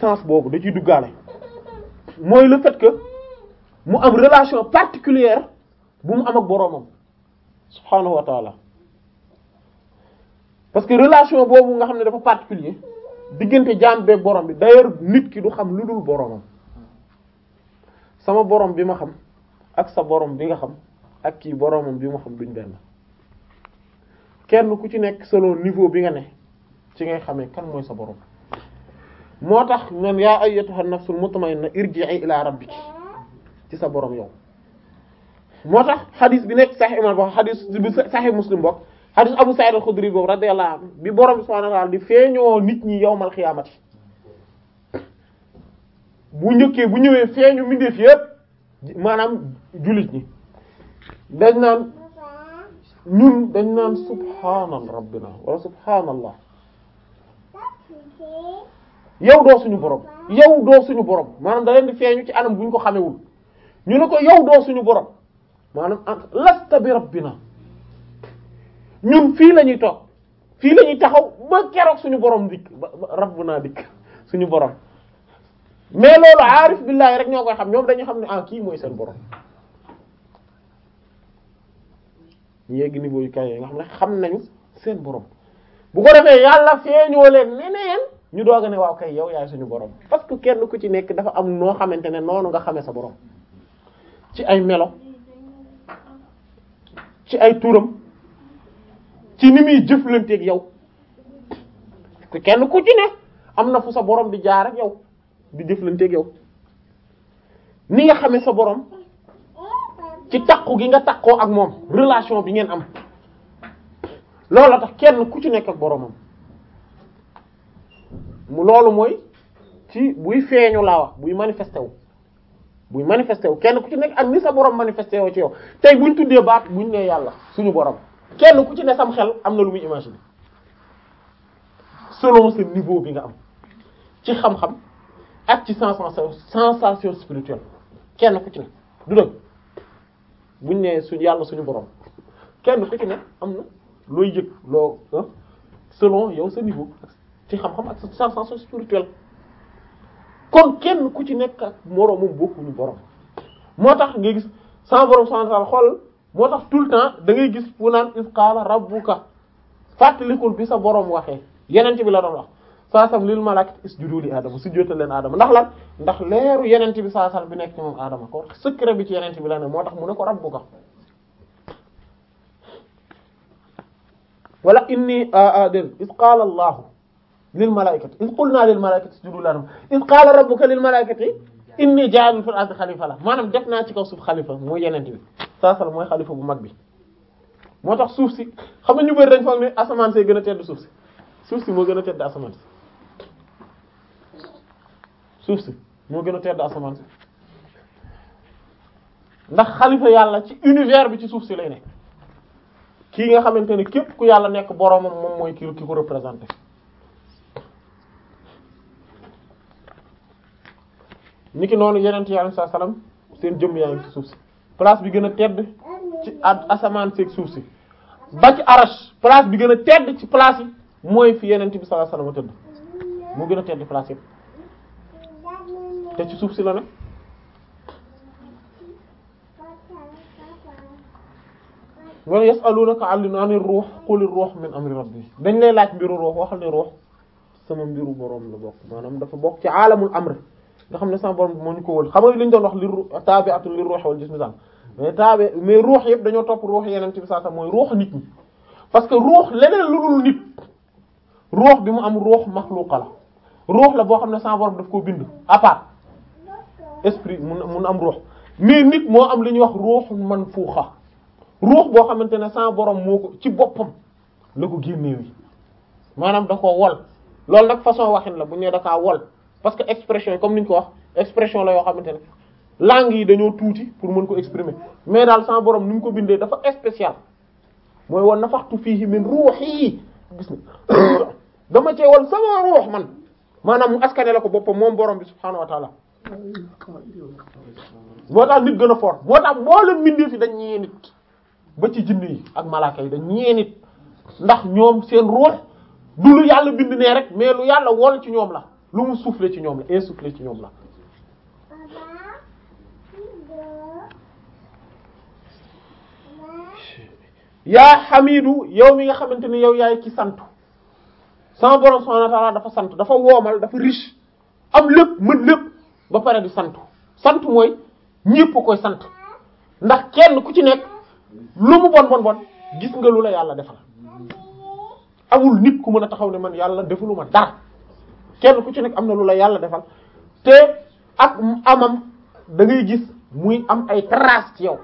sens boobu da ciy duggaale mooy le fait que mu am relation particulière bu mu am ak boroomam subhaanahu wa parce que relation boobu nga xam ne dafa particulier diggante jaam beeg borom bi d'ailleurs nit ki du xam lu dul boroomam sama boroom bi ma xam ak sa boroom bi nga xam ak kii boromam bi ma xam duñ benn kenn ku ci nekk selon niveau bi nga ne ci ngay xamee kan mooy sa borom moo tax ñun yaa ay ayyatuhan nafsul mutma'inna irji'i ila rabbiki ci sa borom yow moo tax xadis bi nekk saxi imaam bokk xadis bi saxi muslim bokk xadis abu sa'id al-xudri boobu radiyallahu anhu bi borom subhanahu wa di feeñoo nit ñi yawmal xiyaamati bu njëkkee bu ñëwee feeñu mbindeef yépp maanaam julit ñi dañ naan ñun dañ naan subhaanal rabbina wala subhaanallah yow doo suñu borom yow doo maanaam da di feeñu ci anam bu ñu ko xamewul ñu ne ko yow doo suñu borom maanaam ah, lasta bi rabbina ñun fii la ñuy toog fii la ñuy taxaw ba keroog suñu borom dikk ba rabbuna dikk suñu boroom mais loolu aarif billahi rek ñoo koy xam ñoom dañu xam ne ah kii mooy seen borom ñu ni niveau yu nga xam ne xam nañu seen borom bu ko defee yàlla feeñoo leen neneen ñu doog a ne waaw kay yow yaay suñu borom parce kenn ku ci nekk dafa am noo xamante ne noonu nga xamee sa boroom ci ay melo ci ay turam ci ni muy jëflanteeg yow kenn ku ci ne am na fu sa borom di jaar ak yow di jëflanteeg yow ni nga xame sa borom ci takku gi nga takkoo ak moom relation bi ngeen am loolu tax kenn ku ci nekk ak boromam mu loolu mooy ci buy feeñu laa wax buy manifesté wu buñ manifesté wu kenn ku ci nekk ak ni sa borom manifesté woo ci yow tey buñ tuddee baat buñ nee yàlla suñu borom kenn ku ci ne sam xel am na lu muy imaginer selon bi nga am ci xam-xam ak ci sensation sensation spirituelle kenn ku ci ne du dëgg suñu yàlla suñu borom kenn ku ci ne am na looy yëg loo selon yow sa niveau ci xam-xam ak sa sensation spirituelle. kon kenn ku ci nekk ak moroomam bokkuñu borom moo tax nga gis sans borom sans sal xool moo tax tout le temps da gis fu naan is qaala rabbuka fàttalikul bi sa borom waxee yenent bi la doon wax saa sam lil ma isjudu li aadama sujjóotal leen aadama ndax lan ndax leeru yenent bi saa bi nekk ci moom ko secret bi ci yenent bi la ne moo tax mu ne ko rabbuka wala inni ah, ah, dén is qaala allaahu lil malaa'ikati iz qulnaa lil malaa'ikati isjudu li aadama iz qaala rabbuka lil malaa'ikati inni jaa'ilun fil ardi xalifa la maanaam def naa ci kaw suuf xalifa mooy yeneen bi saa sala mooy xalifa bu mag bi. moo tax suuf si xam nga ñu bëri dañ foog ne asamaan see gën a tedd suuf si suuf si moo gën a tedd asamaan moo gën a tedd asamaan si ndax xalifa yàlla ci univers bi ci suuf si lay ne kii nga xamante ne képp ku yàlla nekk boromam moom mooy ki ki représenté. ni ki noonu yeneen ci yàlla saa salaam seen jëmm yaa ngi ci suuf si place bi gën a tedd ci suuf si ba ci arash bi gën a tedd ci place yi mooy fi yeneen bi sallallahu alayhi wasallam tëdd moo gën a tedd place yëpp te ci suuf si la ne wala yasalunaka an ruux qul ruux min amri rabbi dañ lay laaj mbiru ruux waxal ne ruux sama mbiru boroom la bokk maanaam dafa bokk ci aalamul amr nga ne sama moo ñu ko wël xam nga li ñu doon wax li tabi'atun li ruuhi wal jismi sam mais tabi mais ruux yëpp dañoo topp ruux yeneen ci bi mooy ruux nit parce que ruux leneen lu dul bi mu am ruux maxluuqa la ruux la boo xam ne sama borom daf koo bind à part mun am ruux mais nit moo am li ñuy wax ruux manfuuxa ruux boo xamante ne sama borom moo ko ci boppam la ko génneewi maanaam da ko wol loolu nag façon waxin la bu ñu da kaa wol parce que expression yi comme ni ñu ko wax expression la yoo xamante ne langue yi dañoo tuuti pour mën ko exprimer mais daal sans borom ni mu ko bindee dafa spécial mooy woon nafaxtu fiihi min ruuhi gis nga [coughs] dama cee woon sama ruux man maanaam mu askane la ko boppam moom borom bi subhaanahu wa taala moo tax nit gën a fort moo tax mboolem mbindeef yi dañ ñee nit ba ci jinne yi ak malaaka yi dañ ñee nit ndax ñoom seen ruux du lu yàlla bind nee rek mais lu yàlla wol ci ñoom la lu mu soufflé ci ñoom la insufflé ci ñoom la yaa xamidu yow mi nga xamante ne yow yaay ki sant sama borom subhanahu wa dafa sant dafa woomal dafa riche am lépp mën lépp ba pare di sant sant mooy ñépp koy sant ndax kenn ku ci nekk lu mu bon bon bon gis nga lu la yàlla defal amul nit ku mën a taxaw ne man yàlla defulu defuluma dara kenn ku ci nekk am na lu la yàlla defal te ak da ngay gis muy am ay traces ci yow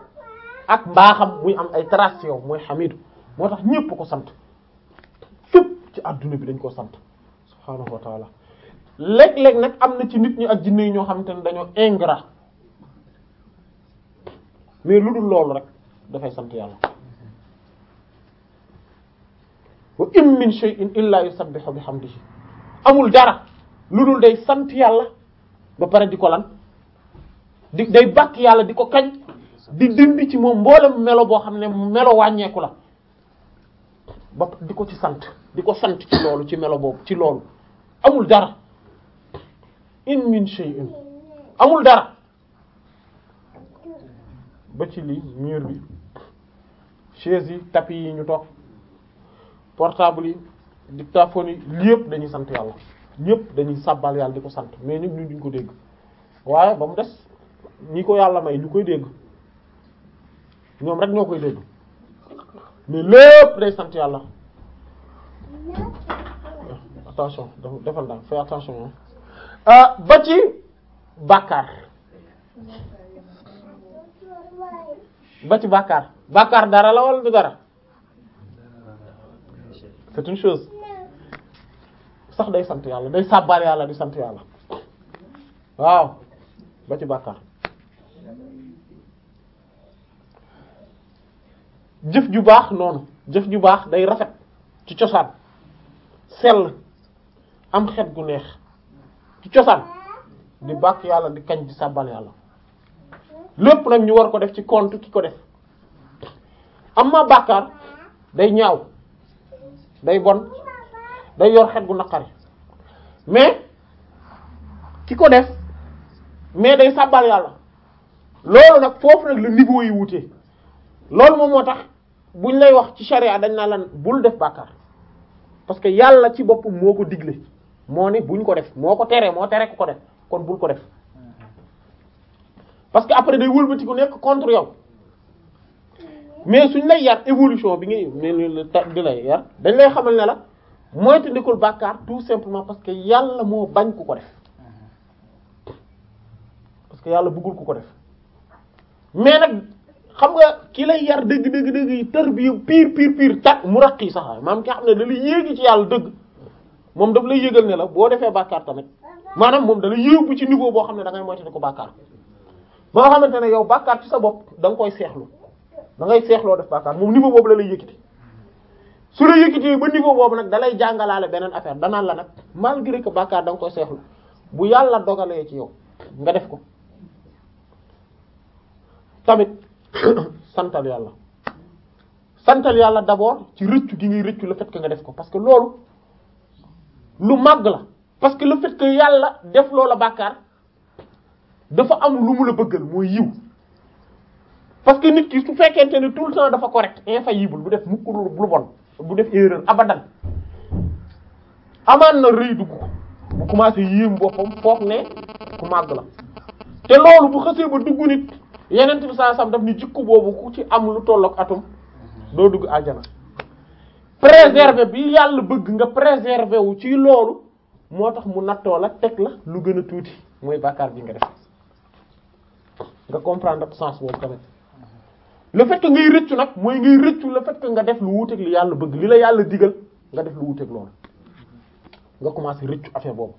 ak mbaaxam muy am ay traces ci yow mooy xamidu moo tax ñépp ko sant fépp ci adduna bi dañ ko sant subhaanahu wa taala léeg-léeg nag am na ci nit ñi ak jinne yi ñoo xamante ne dañoo ingrat mais lu dul loolu rek dafay sant yàlla wa in min shay'in illa yusabbihu bihamdihi amul dara lu dul day sant yàlla ba pare di ko lan di day bàkk yàlla di ko kañ di dindi ci moom mboolem melo boo xam ne melo wàññeeku la ba di ko ci sant di ko sant ci loolu ci melo boobu ci loolu amul dara in min shay'in amul dara ba ci lii mur bi chaise yi tapis yi ñu toog portable yi dictaphone yi li yëpp dañuy sant yàlla ñëpp dañuy sàbbal yàlla di ko sant mais ñëpp ñu duñ ko dégg waaye ba mu des ñi ko yàlla may ñu koy dégg ñoom rek ñoo koy dégg mais lépp day sant yàlla attention defal daal fais attention ah, ba ci bàkkaar ba ci bàkkaar bàkkaar dara la wala du dara c'est une chose sax day sant yàlla day sàbbaal yàlla di sant yàlla waaw ba ci bàkkaar jëf ju baax noonu jëf ju baax day rafet ci cosaan sell am xet gu neex ci cosaan di bàkk yàlla di kañ di sàbbal yàlla lépp nag ñu war ko def ci compte ki ko def am ma bàkkaar day ñaaw day bon day yor xet gu naqari mais ki ko def mais day sàbbal yàlla loolu nag foofu nag le niveau yi wutee loolu moom moo tax buñ lay wax ci sharia dañ naa lan bul def bàkkaar parce que yàlla ci bopp moo ko digle moo ne buñ ko def moo ko teree moo tere ko def kon bul ko def parce que après day wëlbati ko nekk contre yow mais suñ lay yar évolution bi ngay di lay yar dañ lay xamal ne la moytandikul bàkkaar tout simplement parce que yàlla moo bañ ku ko def parce que yàlla bëggul ku ko def mais nag xam nga kii lay yar dëgg dëgg dëgg yi tër bi pire piir pire tag mu raq yi sax maanaam ki xam ne da yéegi ci yàlla dëgg moom daf lay yëgal ne la boo defee bàkkaar tamit maanaam moom da lay ci niveau boo xam ne da ngay moytandiku bàkkaar ba nga xamante ne yow bàkkaar ci sa bopp da koy seexlu da ngay seexloo def bàkkaar moom niveau boobu la lay yëkkati su la yëkkatee ba niveau boobu nag dalay jàngalaale beneen affaire danaan la nag malgré que bàkkaar da nga koy seexlu bu yàlla dogalee ci yow nga def ko tamit [coughs] santal yàlla santal yàlla d'abord ci rëccu gi ngay rëccu le fait nga def ko parce que loolu lu màgg la parce que la fait yàlla def loola bàkkaar dafa am lu mu la bëggal mooy yiw parce que nit ki su fekkente ne tout le temps dafa correct infaillible bu def mukk lu bon bu def erreur abadan amaan na rëy dugg ko bu commencé yéem boppam foog ne ku màgg la te loolu bu xasee ba dugg nit yeneen bi saa sam daf ni jikko boobu ku ci am lu tollook atum doo dugg àjjana préserver bi yàlla bëgg nga préserver wu ci loolu moo tax mu nattoo la teg la lu gën a tuuti mooy bàkkaar bi nga def nga comprendre sens boobu tamit la fait que ngay rëccu nag mooy ngay rëccu la fait que nga def lu wuuteeg li yàlla bëgg li la yàlla digal nga def lu wuuteeg loolu nga commencé rëccu affaire boobu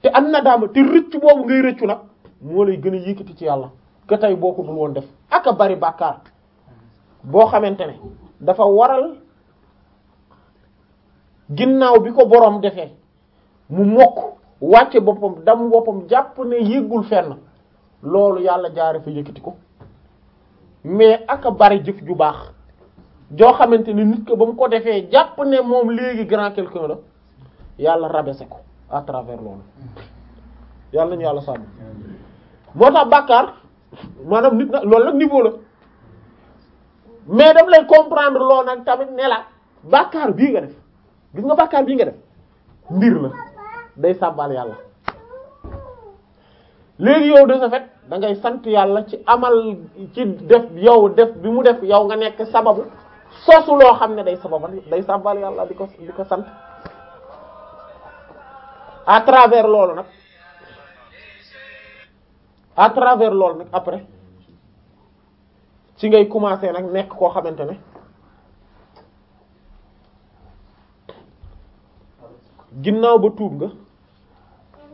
te am na daama te rëccu boobu ngay rëccu nag moo lay gën a yëkkati ci yàlla que tey boo ko dul woon def ak a bari bàkkaar boo xamante ne dafa waral ginnaaw bi ko boroom defee mu mokk wàcce boppam dam boppam jàpp ne yëggul fenn loolu yàlla jaare fa yëkkati ko mais aka bari jëf ju baax joo xamante ni nit ko ba mu ko defee jàpp ne moom léegi grand quelqu'un la yàlla rabaissé ko à travers loolu yàlla nañu yàlla sàmm moo tax bàkkaar maanaam nit na loolu nag niveau la mais daf lay comprendre loolu nag tamit ne la bàkkaar bii nga def gis nga bàkkaar bii nga def mbir la day sàbbal yàlla léegi yow de sa fait da ngay sant yàlla ci amal ci def yow def bi mu def yow nga nekk sababu soosu loo xam ne day sababal day sabal yàlla di ko di ko sant à travers loolu nag à travers loolu nag après ci ngay commencer nag nekk koo xamante ne ginnaaw ba tuub nga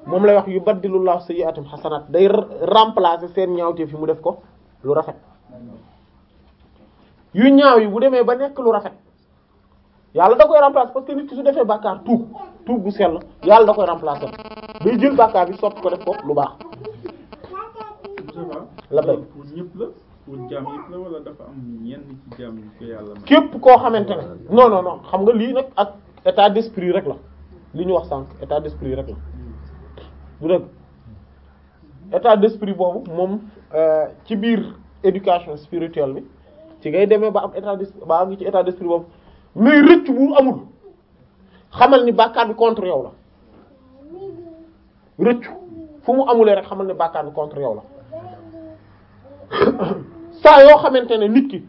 moom lay wax yu baddilullahu sayyi'atum xasanaat day remplacer seen ñaawteef yi mu def ko lu rafet yu ñaaw yi bu demee ba nekk lu rafet yàlla da koy remplacer parce que nit defee bàkkaar tuub tuub bu sell yàlla da koy remplacer day jël bàkkaar bi soppi ko def ko lu baax. la la pour la wala dafa am ñenn ci képp koo xamante ne non non xam nga lii nag ak état d'esprit rek la li ñu wax sànq état d'esprit rek la. bu dëgg état d'esprit boobu moom euh, ci biir éducation spirituelle bi ci ngay demee ba am état d'esprit ba am ci état d'esprit boobu mais rëcc bu amul xamal ni bàkkaar bi contre yow la rëccu fu mu amulee rek xamal ne bàkkaar bi contre yow la [coughs] saa yoo xamante ne nit ki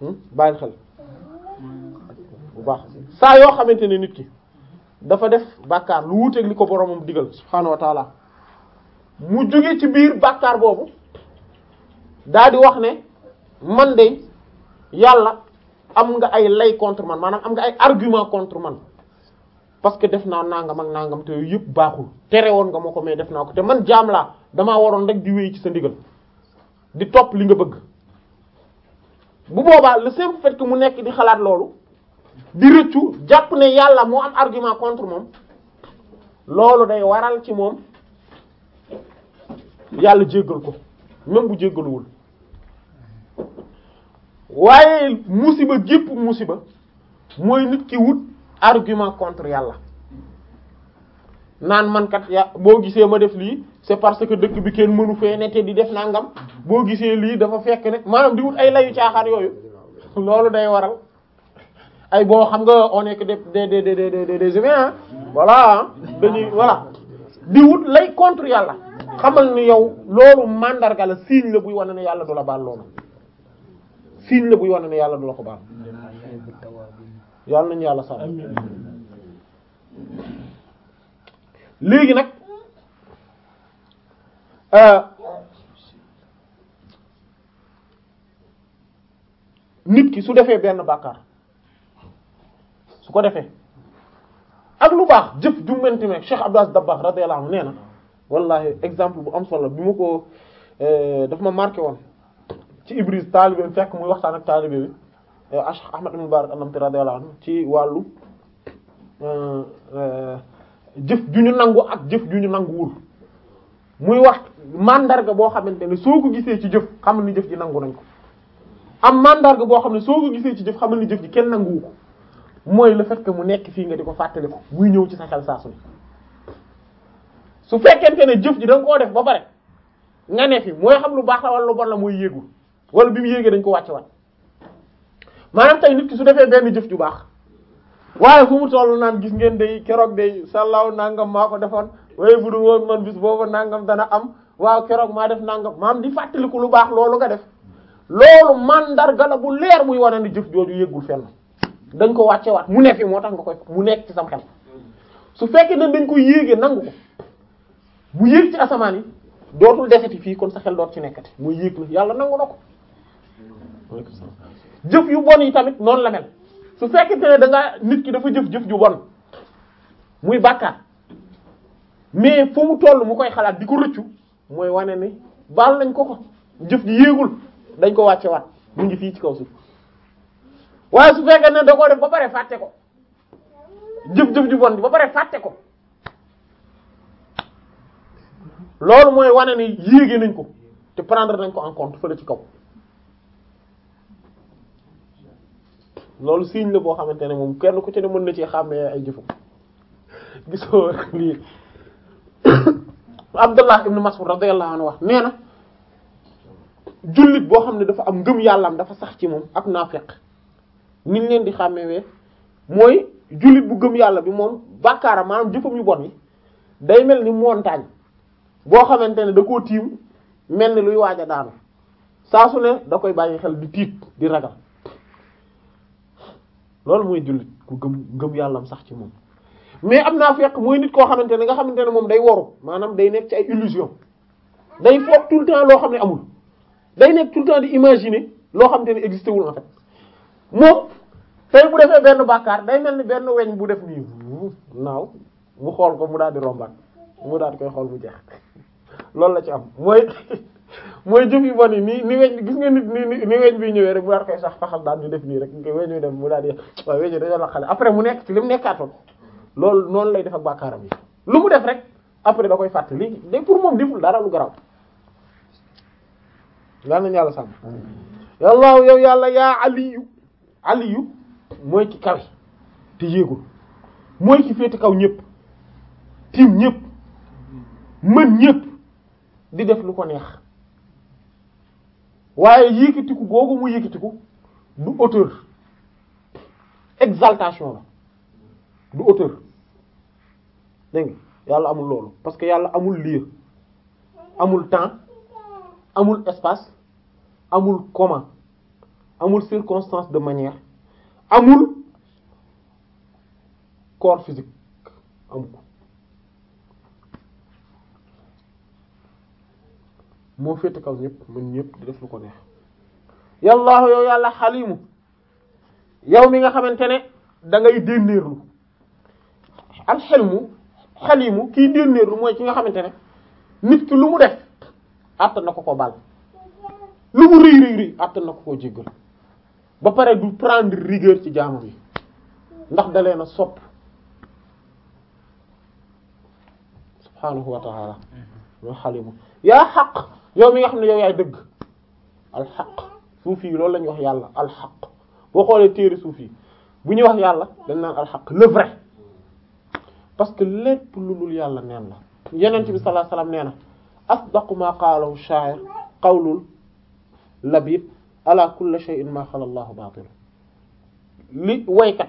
hmm, bàyyi xel bu baax saa yoo xamante ne nit ki dafa def bàkkaar lu wuuteeg li ko boromam digal subhaanahu wa mu jóge ci biir bàkkaar boobu daa di wax ne man de yàlla am nga ay lay contre man maanaam am nga ay argument contre man parce que def naa nangam ak nangam te yooyu yëpp baaxul tere woon nga ma ko mais def naa ko te man jaam laa damaa waroon rek di wéy ci sa ndigal di topp li nga bëgg bu boobaa la simple fait que mu nekk di xalaat loolu di rëccu jàpp ne yàlla moo am argument contre moom loolu day waral ci moom yàlla jéggal ko même bu jéggaluwul waaye musiba gépp musiba mooy nit ki wut argument contre yàlla naan man kat ya boo gisee ma def lii c'est parce que dëkk bi kenn mënu fee ne te di def nangam boo gisee lii dafa fekk ne maanaam di wut ay layu caaxaan yooyu loolu day waral ay boo xam nga on est que des des des des humains voilà dañuy voilà di wut lay contre yàlla xamal ni yow loolu mandarga la signe la buy wane ne yàlla du la baal loolu signe yàlla du la ko baal yàlla nañu yàlla sax léegi nag euh, nit ki su defee benn bàkkaar su ko defee ak lu baax jëf ju menti meeg Cheikh Abdou Aziz Dabakh radiyallahu anhu nee na wallahi exemple bu am solo bi ma ko euh, daf ma marqué woon ci Ibris taalibe bi fekk muy waxtaan ak taalibe bi euh, Cheikh Ahmad ibn Mubarak an-Namti radiyallahu anhu ci wàllu euh, jëf ju ñu nangu ak jëf ju nanguwul muy wax mandarga boo xamante ne soo ko gisee ci jëf xamal ni jëf ji nangu nañ ko am mandarga boo xam ne soo ko gisee ci jëf xamal ni jëf ji kenn nanguwu ko mooy la fait mu nekk fii nga di ko fàttali ko muy ñëw ci sa xel saa su su fekkente ne jëf ji da koo def ba pare nga ne fi mooy xam lu baax la wala lu bon la mooy yéegul wala bi mu yéegee dañ ko wàcce wat maanaam tey nit ki su defee benn jëf ju baax waaye fu mu toll naan gis ngeen day keroog day sàllaaw nangam maa ko defoon waaye bu dul woon man bis boobu nangam dana am waaw keroog maa def nangam maam di fàttaliku lu baax loolu nga def loolu mandarga la bu leer muy wane ni jëf jooju yéegul fenn dañ ko wàcce waat mu ne fi moo tax nga koy mu nekk ci sam xel su fekkee na dañ koy yéegee nangu ko mu yéeg ci asamaan yi dootul yi fii kon sa xel doot ci nekkati mooy yéeg la yàlla nangu na ko jëf yu bon yi tamit noonu la mel su fekkente ne danga nit ki dafa jëf-jëf ju bon muy bàkkaar mais fu mu toll mu koy xalaat di ko rëccu mooy wane ni baal nañ ko ko jëf ji yéegul dañ ko wàcce waat mu ngi fii ci kaw suuf waaye su fekkee ne da ba pare fàtte ko jëf jëf ju bon ba pare fàtte ko loolu mooy wane ni yéege nañ ko te prendre nañ ko en compte fële ci kaw loolu signe la boo xamante ne moom kenn ko ci ne mën na ci xàmmee ay jëfam gisoo lii [coughs] Abdullah ibn Mas'ud radiyallahu anhu wax nee na jullit boo xam ne dafa am ngëm yàllaam dafa sax ci moom ab naafiq niñ leen di xàmmewee mooy jullit bu gëm yàlla bi moom bàkkaaram maanaam jëfam yu bon yi day mel ni montagne boo xamante ne da koo tiim mel ni luy waaj a daanu saa su ne da koy bàyyi xel di tiit di ragal loolu mooy jullit ku gëm gëm yàllam sax ci moom mais am naa fekk mooy nit koo xamante ne nga xamante ne moom day waru maanaam day nekk ci ay illusion day foog tout le temps loo xam ne amul day nekk tout le temps di imaginer loo xamante ne existé wul moom tey bu defee benn bàkkaar day mel ni benn weñ bu def nii naaw mu xool ko mu daal di rombaat mu daal di koy xool bu jeex loolu la ci am mooy [laughs] mooy jëf yu bon yi nii ni weñ gis nga nit ni ni weñ bi ñëwee rek mu daal koy sax faxal daal ñu def nii rek nga weñ def mu daal di waaw dañoo la xale après mu nekk ci li mu nekkaatoon loolu noonu lay def ak bàkkaaram yi lu mu def rek après da koy fàttali de pour moom deful dara lu garaw daal nañu yàlla sàmm yàlla yow yàlla yaa aliyu mooy ki kawe te yéegul mooy ki féete kaw ñëpp tiim ñëpp mën ñëpp di def lu ko neex waaye yékkatiku googu mu yékkatiku du hauteur exaltation la du hauteur dégg yàlla amul loolu parce que yàlla amul liir amul temps amul espace amul comment amul circonstance de manière amul corps physique am ko moo féete kaw ñëpp mën ñëpp di def lu ko neex yàllaahu yow yàlla xalimu yow mi nga xamante ne da ngay dénnéerlu al xelmu xalimu kii dénnéerlu mooy ci nga xamante ne nit ki lu mu def àtt na ko ko baal lu mu rëy rëy rëy na ko koo jéggal ba pare du prendre rigueur ci jaamam yi ndax da na a sopp subhaanahu wa ta'ala wa xalimu yaa xaq yow mi nga xam ne yow yaay dëgg alxaq suufi yi loolu la wax yàlla alxaq boo xoolee téere suufi yi bu ñuy wax yàlla dañ naan alxaq le vrai parce que lépp lu dul yàlla neen la yeneen bi sallallahu alayhi wasallam nee na asdaqu ma qaalahu sha'ir qawlul labib ala kulli shay'in ma xala Allahu baatil li waykat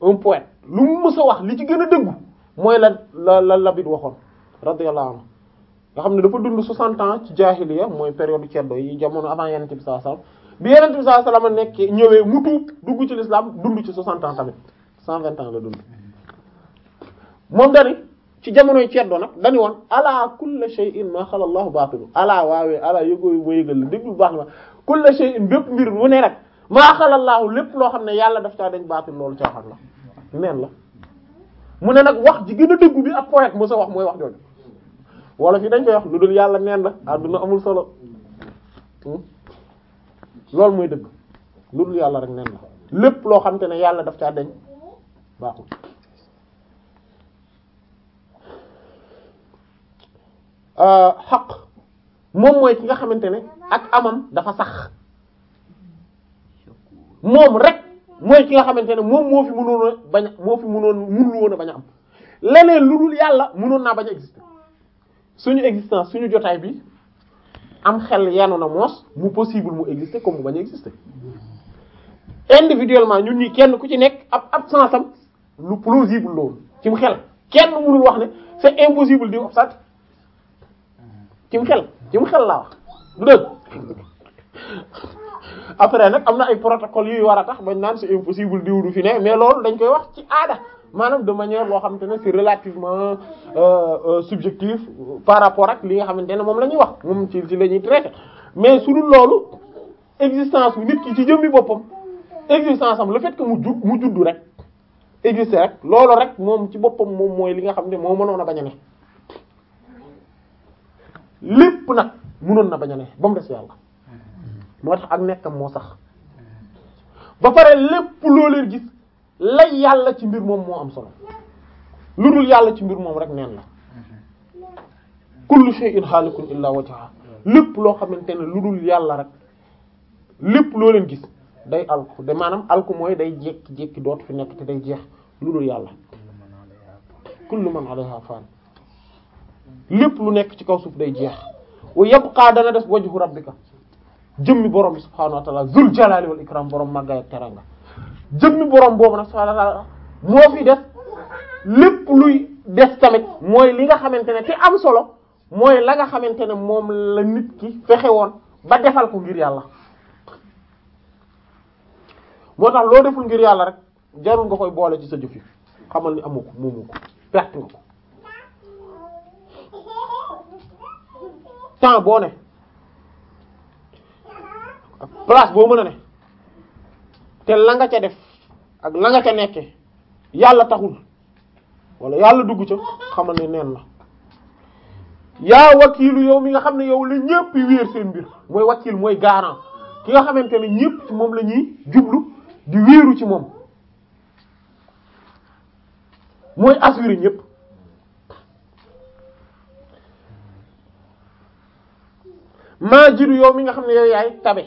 un poète lu mu mës a wax li ci gën a dëggu mooy la la la Labid waxoon radiyallahu anhu nga xam ne dafa dund 60 ans ci jaahiliya mooy période ceddo yi jamono avant yonent bi sallallahu alayhi wasallam bi yonent bi sallallahu alayhi wasallam nekkee ñëwee mu tuub dugg ci l'islam dund ci 60 ans tamit 120 ans la dund moom dani ci jamonoy ceddo nag dañu woon ala kulli shay'in ma xala Allahu baatilu ala waawee ala baax la kulla shay'in bépp mbir mu ne nag maa xalallaahu lépp loo xam ne yàlla daf caa dañ baatul loolu caaxaan la neen la mu ne nag wax ji gën a dëggu bi ab poète mo sa wax mooy wax jooju wala fi dañ koy wax lu dul yàlla neen la àdduna amul solo hmm? loolu mooy dëgg lu yàlla rek neen lépp loo xam te ne yàlla daf caa dañ baaxul ah, xaq moom mooy ki nga xamante ne ak amam dafa sax moom rek mooy ki nga xamante ne moom moo fi mënoon bañ moo fi mënoon mënul a bañ a am leneen lu dul yàlla mënoon naa bañ a exister suñu existence suñu jotaay bi am xel yanu na moos mu possible mu exister comme mu bañ a exister individuellement ñun ñi kenn ku ci nekk ab absence am lu plausible loolu ci mu xel kenn mënul wax ne c'est impossible di obsat cim xel cim xel laa wax du dëgg après nag am na ay protocole yuy war a tax bañ naan c'est impossible diw du fi ne mais loolu dañ koy wax ci aada maanaam de manière loo xamante ne c'est relativement euh, euh, subjectif par rapport ak li nga xamante ne moom la ñuy wax moom ci ci la ñuy traité mais su dul loolu existence bu nit ki ci jëmmi boppam existence am le fait que mu ju mu juddu rek exister rek loolu rek moom ci boppam moom mooy li nga xam ne moom mënoon a bañ a ne lépp nag mënoon na bañ ne ba mu des yàlla moo tax ak nekkam moo sax ba pare lépp loo leen gis lay yàlla ci mbir moom moo am solo lu dul yàlla ci mbir moom rek neen la kullu shay'in halikun illa wajha lépp loo xamante ne lu dul yàlla rek lépp loo leen gis day alku de maanaam alku mooy day jékki-jékki dootu fi nekk te day jeex lu dul yàlla kullu man alayha fan lépp lu nekk ci kaw suuf day jeex wa yabqa dana def wajhu rabbika jëmmi borom bi subhaanahu wa ta'ala zul jalali wal ikram borom màggaay ak teranga jëmmi borom boobu nag subhaanahu wa ta'ala moo fi def lépp luy des tamit mooy li nga xamante ne ti am solo mooy la nga xamante ne moom la nit ki fexe woon ba defal ko ngir yàlla moo tax loo deful ngir yàlla rek jarul nga koy boole ci sa jëf yi xamal ni amu ko moomu temps boo ne place boo mën a ne te la nga ca def ak la nga ca nekke yàlla taxul wala yàlla dugg ca xamal ne neen la yaa wakiilu yow mi nga xam ne yow la ñépp wéer seen mbir mooy wakiil mooy garant ki nga xamante ne ñépp moom lañuy jublu di wéeru ci moom mooy assurer ñépp maa jidu yow mi nga xam ne yow yaay tabe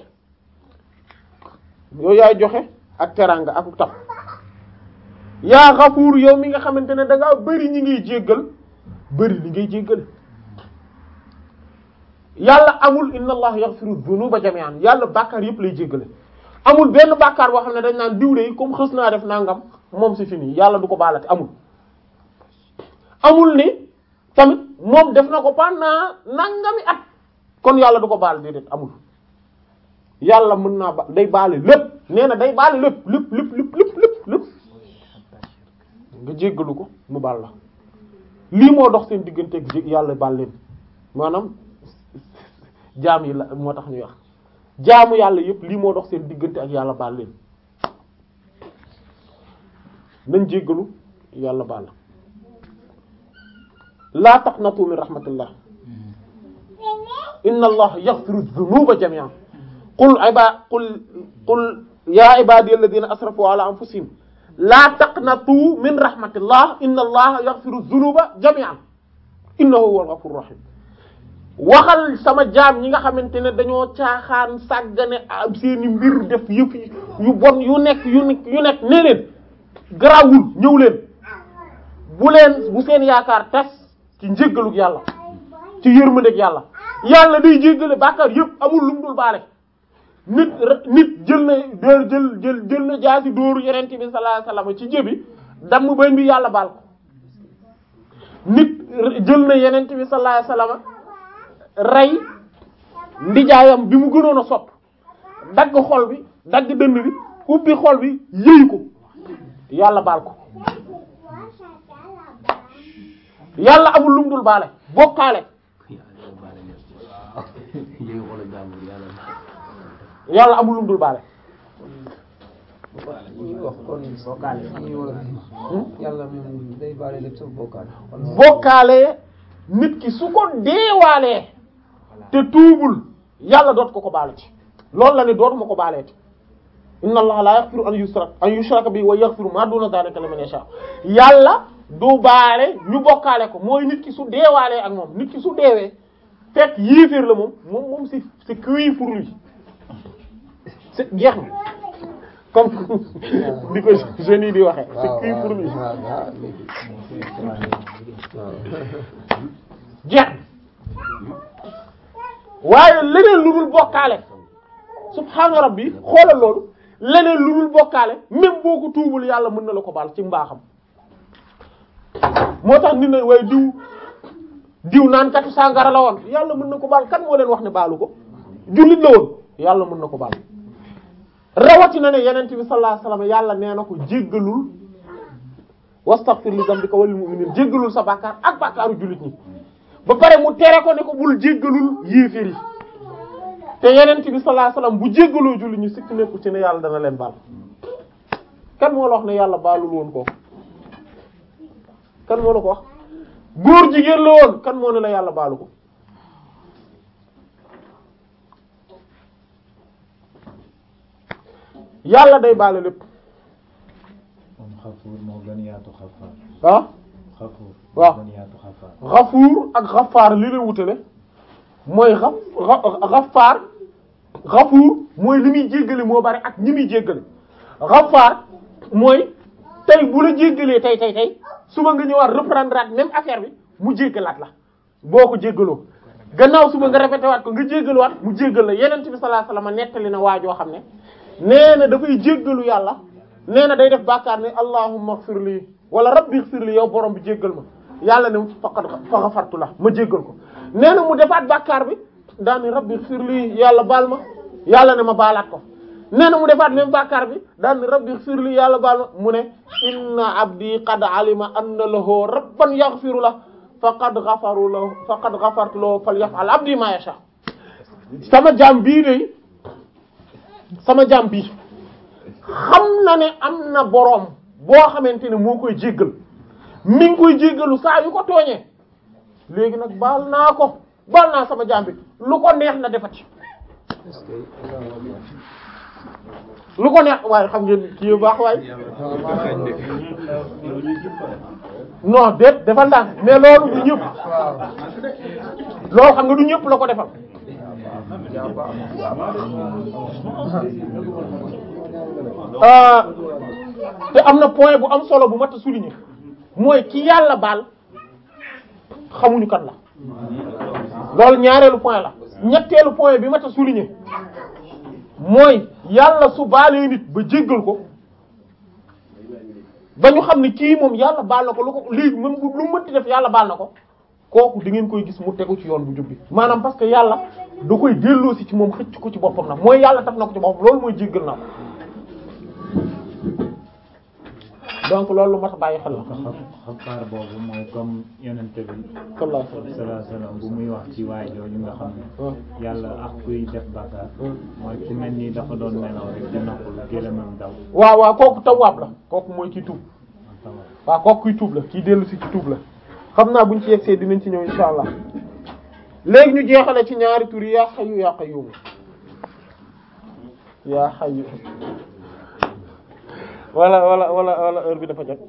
yow yaay joxe ak teraanga ak tab yaa xafuur yow mi nga xamante ne da ngaa bëri ñi ngay jéggal bëri li ngay jéggale yàlla amul inna allah yaghfiru dhunuba jami'an yàlla bàkkaar yëpp lay jéggale amul benn bàkkaar boo xam ne dañ naan diwle yi comme xës naa def nangam moom c'est fini yàlla du ko baalate amul amul ni tamit moom def na ko pendant nangami at kon yàlla du ko baal déedéet amul yàlla mën naa ba day baale lépp nee na day baale lépp lépp lépp lépp lépp lépp nga jéggalu ko mu baal la lii moo dox seen diggante ak yàlla baal leen maanaam jaam yi la moo tax ñuy wax jaamu yàlla yépp lii moo dox seen diggante ak yàlla baal leen nañ jéggalu yàlla baal la laa taqnatu min rahmatillah inna allaha yaghfiru dhunuba jami'an qul iba qul qul ya ibadi alladhina asrafu ala anfusihim la taqnatu min rahmatillah inna allaha yaghfiru dhunuba jami'an innahu huwal ghafurur rahim waxal sama jaam ñi nga xamante ne dañoo caaxaan sàggane ab seeni mbir def yëf yu bon yu nekk yu nekk yu nekk nee leen garawul ñëw leen bu leen bu seen yaakaar tas ci njéggalug yàlla ci yërmandeg yàlla yàlla day jéggale bàkkaar yëpp amul lum dul baale nit nit jël na dóor jaasi dóoru yeneen bi sallallahu alayhi wasallam ci jëbi damm bañ bi yàlla baal ko nit jël na yeneen bi sallallahu alayhi wasallam rey ndijaayam bi mu gënoon a sopp dagg xol bi dagg dënd bi ubbi xol bi yëy ko yàlla baal ko yàlla amul lum dul baale bokkaale yàlla amul lum dul baale. Hmm? bokkaale nit ki su ko deewaalee te tuubul yàlla doot ko ko baale ci loolu la ne dootuma ko baaleeti inna allaha la yaghfiru an yushraka an yushraka bi wa yaghfiru ma duna dhalika liman yasha yàlla du baale ñu bokkaale ko mooy nit ki su deewaalee ak moom nit ki su deewee fekk yéeféer la moom moom moom si c'est cuit c'est jeex na comme [laughs] ni ko jeunes yi di waxee c'est cuit pour lui jeex na waaye leneen lu dul bokkaale subhaana rabbi xoolal loolu leneen lu dul bokkaale même boo ko tuubul yàlla mën na la ko baal ci mbaaxam moo tax nit na waaye diw diw naan katu sàngara la woon yàlla mën na ko baal kan moo leen wax ne baalu ko jullit la woon yàlla mën na ko baal na ne yenent bi sallallahu alayhi wasallam yàlla nee na ko jéggalul wastaghfir li dhanbika wal mu'minin jéggalul sa bàkkaar ak bàkkaaru jullit ñi ba pare mu tere ko ne ko bul jéggalul yéeféer yi te yenent bi sallallahu alayhi bu jéggaloo jullit ñi sikk nekku ci ne yàlla dana leen baal kan moo la wax ne yàlla baalu woon ko kan moo la ko wax góor jigéen la woon kan moo ne la yàlla baalu ko yàlla day baala lépp. xafuur moo gën yaatu xafaar. ah. xafuur waaw moo gën xafuur ak xafaar li lay wutale mooy xaf xafaar xafuur mooy li muy jéggale moo bari ak ñi muy jéggale xafaar mooy tey bu la jéggalee tey tey tey suba nga ñëwaat reprendre at même affaire bi mu jéggalaat la boo ko jéggaloo. gannaaw suba nga répété ko nga jéggalawaat mu jéggal la yeneen bi sallallahu alayhi wasallam nettali na waajoo xam ne. nee na dafay jéggalu yàlla nee na day def bàkkaar ne allahumma ighfir li wala rabbi ighfir li yow borom bi jéggal ma yàlla ne faqad fa ghafartu la ma jéggal ko nee na mu defaat bàkkaar bi daani rabbi ighfir li yàlla baal ma yàlla ne ma baalaat ko nee na mu defaat même bàkkaar bi daan ni rabbi ighfir yàlla baal ma mu ne inna abdi qad alima anna lahu rabban yaghfiru la faqad ghafaru lahu faqad ghafartu lahu falyaf'al abdi ma yasha sama jaam bii de sama jàmm bi xam na ne am na boroom boo xamante ne moo koy jéggal mi koy jéggalu saa yu ko tooñee léegi nag baal naa ko baal naa sama jàmm bi lu ko neex na defati lu ko neex waaye xam ngeen kii yu baax waaye non déet defal daan mais loolu du ñëpp loolu xam nga du ñëpp la ko defal Ah. te am na point bu am solo bu mat a souligner mooy ki yàlla baal xamuñu kat la loolu ñaareelu point la ñetteelu point bi mat a souligner mooy yàlla su baalee nit ba jéggal ko ba ñu xam ne kii moom yàlla baal na ko lu ko léegi moom lu mënti def yàlla baal na ko kooku da ngeen koy gis mu tegu ci yoon bu jubbi maanaam parce que yàlla da koy delloosi ci moom xëcc ko ci boppam nag mooy yàlla taf na ko ci boppam loolu mooy jéggal na ko donc loolu lu mat a bàyyi xel la. xabaar boobu mooy comme yonent bi muy wax ci waay jooju nga ah. yàlla ak kuy def bàkkaar. Ah. mooy ci mel ni dafa doon nelaw rek waaw waaw kooku tawaab la kooku mooy ci tuub. Ah, waaw kooku kuy tuub la kii dellu si ci tuub la. xam naa buñ ci yegsee dinañ ci ñëw insha allah léegi ñu jeexale ci ñaari tur yi yaa xayu yaa qayyum yaa xayu wala wala bi dafa jot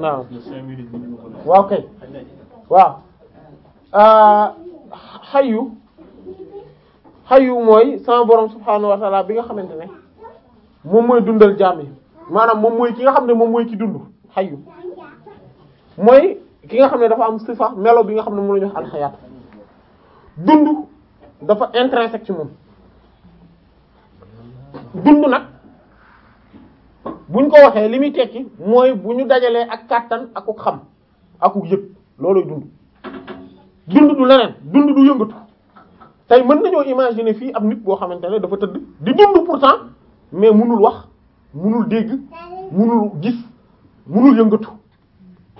naam waaw kay ah, mooy sama borom subhaanahu wa bi nga xamante ne moom mooy dundal jaam yi maanaam moom mooy ki nga xam ne moom mooy ki dund xayu mooy ki nga xam ne dafa am sifa melo bi nga xam ne mu la ñu wax dund dafa intrinsèque ci moom dund nag buñ ko waxee li muy tekki mooy bu ñu dajalee ak kàttan akuk xam akuk yëg loolu dund dund du leneen dund du yëngatu tey mën nañoo imaginer fii am nit boo xamante ne dafa tëdd di dund pourtant mais munul wax munul dégg munul gis munul yëngatu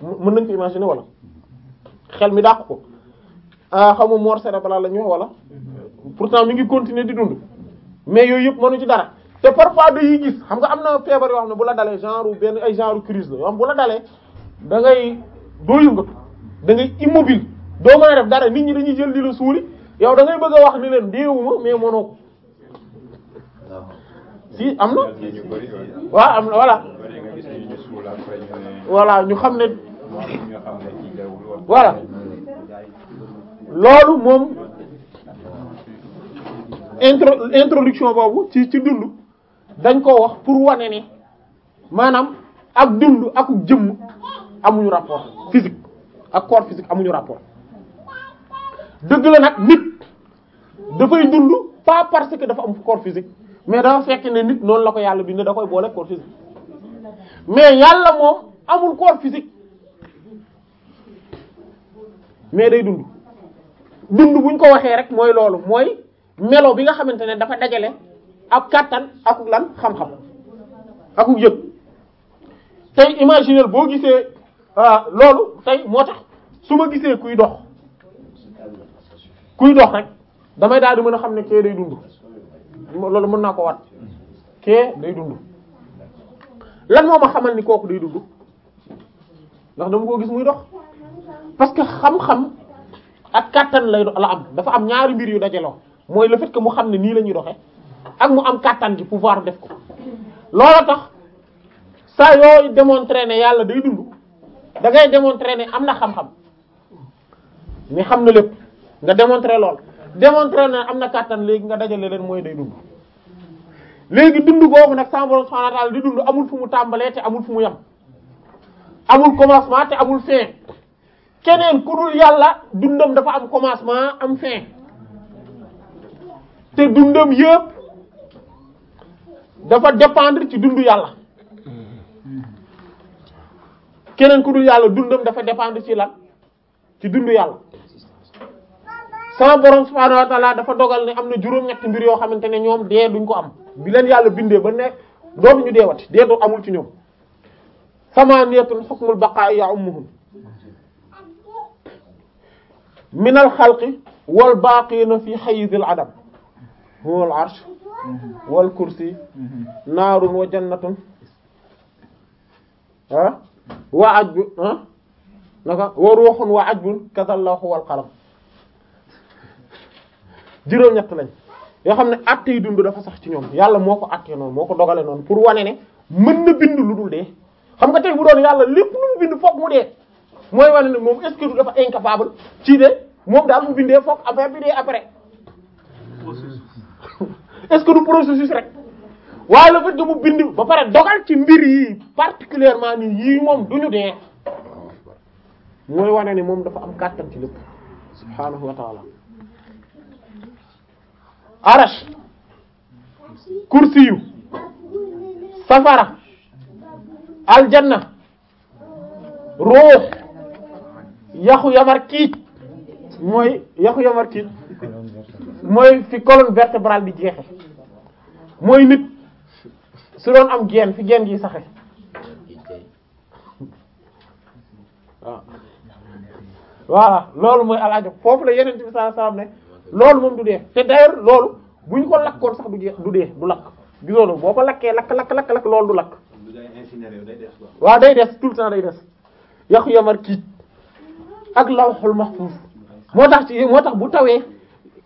mën nañ ko imaginer wala xel mi dàq ko ah xaw ma mort cérébrale la ñu wax wala pourtant mu ngi continuer di dund mais yooyu yëpp mënu ci dara te parfois dañuy gis xam nga am na feebar wax na ne bu la dalee genre benn ay genre crise la yoo xam bu da ngay doo da ngay immobile doo mën a def dara ñi dañuy jël di la yow da ngay bëgg a wax ni leen déewuma mais mënoo ko si am na waaw am na voilà voilà ñu xam ne voilà loolu moom intro introduction boobu ci ci dund dañ koo wax pour wane ni maanaam ak dund ak jëmm amuñu rapport physique ak corps physique amuñu rapport dëgg la nag nit dafay dund pas parce que dafa am corps physique mais dafa fekk ne nit noonu la ko yàlla bind da koy boole corps physique mais yàlla moom amul corps physique mais day dund dund buñ ko waxee rek mooy loolu mooy melo bi nga xamante ne dafa dajale ak kàttan akuk lan xam-xam akuk yëg tey imaginer boo gisee ah, loolu tey moo tax su ma gisee kuy dox kuy dox rek damay daal di mën a xam ne kee day dund loolu mën naa ko wat kee day dund lan moo ma xamal ni kooku day dund ndax dama ko gis muy dox parce que xam-xam ak kàttan lay la am dafa am ñaari mbir yu dajaloo mooy la fait que mu xam ne nii la ñuy doxe ak mu am kàttan gi pouvoir def ko loola tax saa yooyu démontrer ne yàlla day dund da ngay démontrer ne am na xam-xam mais xam na lépp nga démontrer lool démontrer ne am na kàttan léegi nga dajale leen mooy day dund léegi dund boobu nag sama borom subhanahu wa ta'ala di dund amul fu mu tàmbalee te amul fu mu yam amul commencement te amul fin keneen ku dul yàlla dundam dafa am commencement am fin te dundam yëpp dafa dépendre ci dundu yàlla keneen ku dul yàlla dundam dafa dépendre ci lan ci dundu yàlla sama borom subhaanahu wa taala dafa dogal ne am na juróom-ñetti mbir yoo xamante ne ñoom dee duñ ko am bi leen yàlla bindee ba ne dootuñu deewati dee du amul ci ñoom samaniyatun hukmul baqa'i ya'ummuhum min al xalqi wal baqina fi hayzil adam huwa al arsh wal kursi naarun wa jannatun ah wa ajbu ruuxun wa ajbun kazallahu wal qalam juróom-ñett lañ yoo xam ne àtte yi dund dafa sax ci ñoom yàlla moo ko àttee noonu moo ko dogale noonu pour wane ne mën na bind lu dul dee xam nga tey bu doon yàlla lépp lu mu bind foog mu dee mooy wane ne moom est-ce que du dafa incapable ci de moom daal mu bindee foog affaire bi dee après est-ce du processus rek waaye le fait que bind ba pare dogal ci mbir yi particulièrement ni yii moom du ñu dee mooy wane ni moom dafa am kàttan ci lépp subhaanahu wa ta'ala arash kursiyu safara aljanna ruux yaxu yamar kiic mooy yaxu yamar kiic mooy fi colonne vertébrale bi jeexe mooy nit su doon am gen fi geen gi saxe waaw voilà loolu mooy alaajo foofu la yeneen bi sallallahu alayhi wasallam ne loolu moom du dee te d'ailleurs loolu bu ñu ko lakkoon sax du jeex du dee du lakk gisoo boo ko lakkee lakk lakk lakk lakk loolu du lakk waaw day des tout le temps day des yàqu yamar kiit ak lawhul mahfuz moo tax ci moo tax bu tawee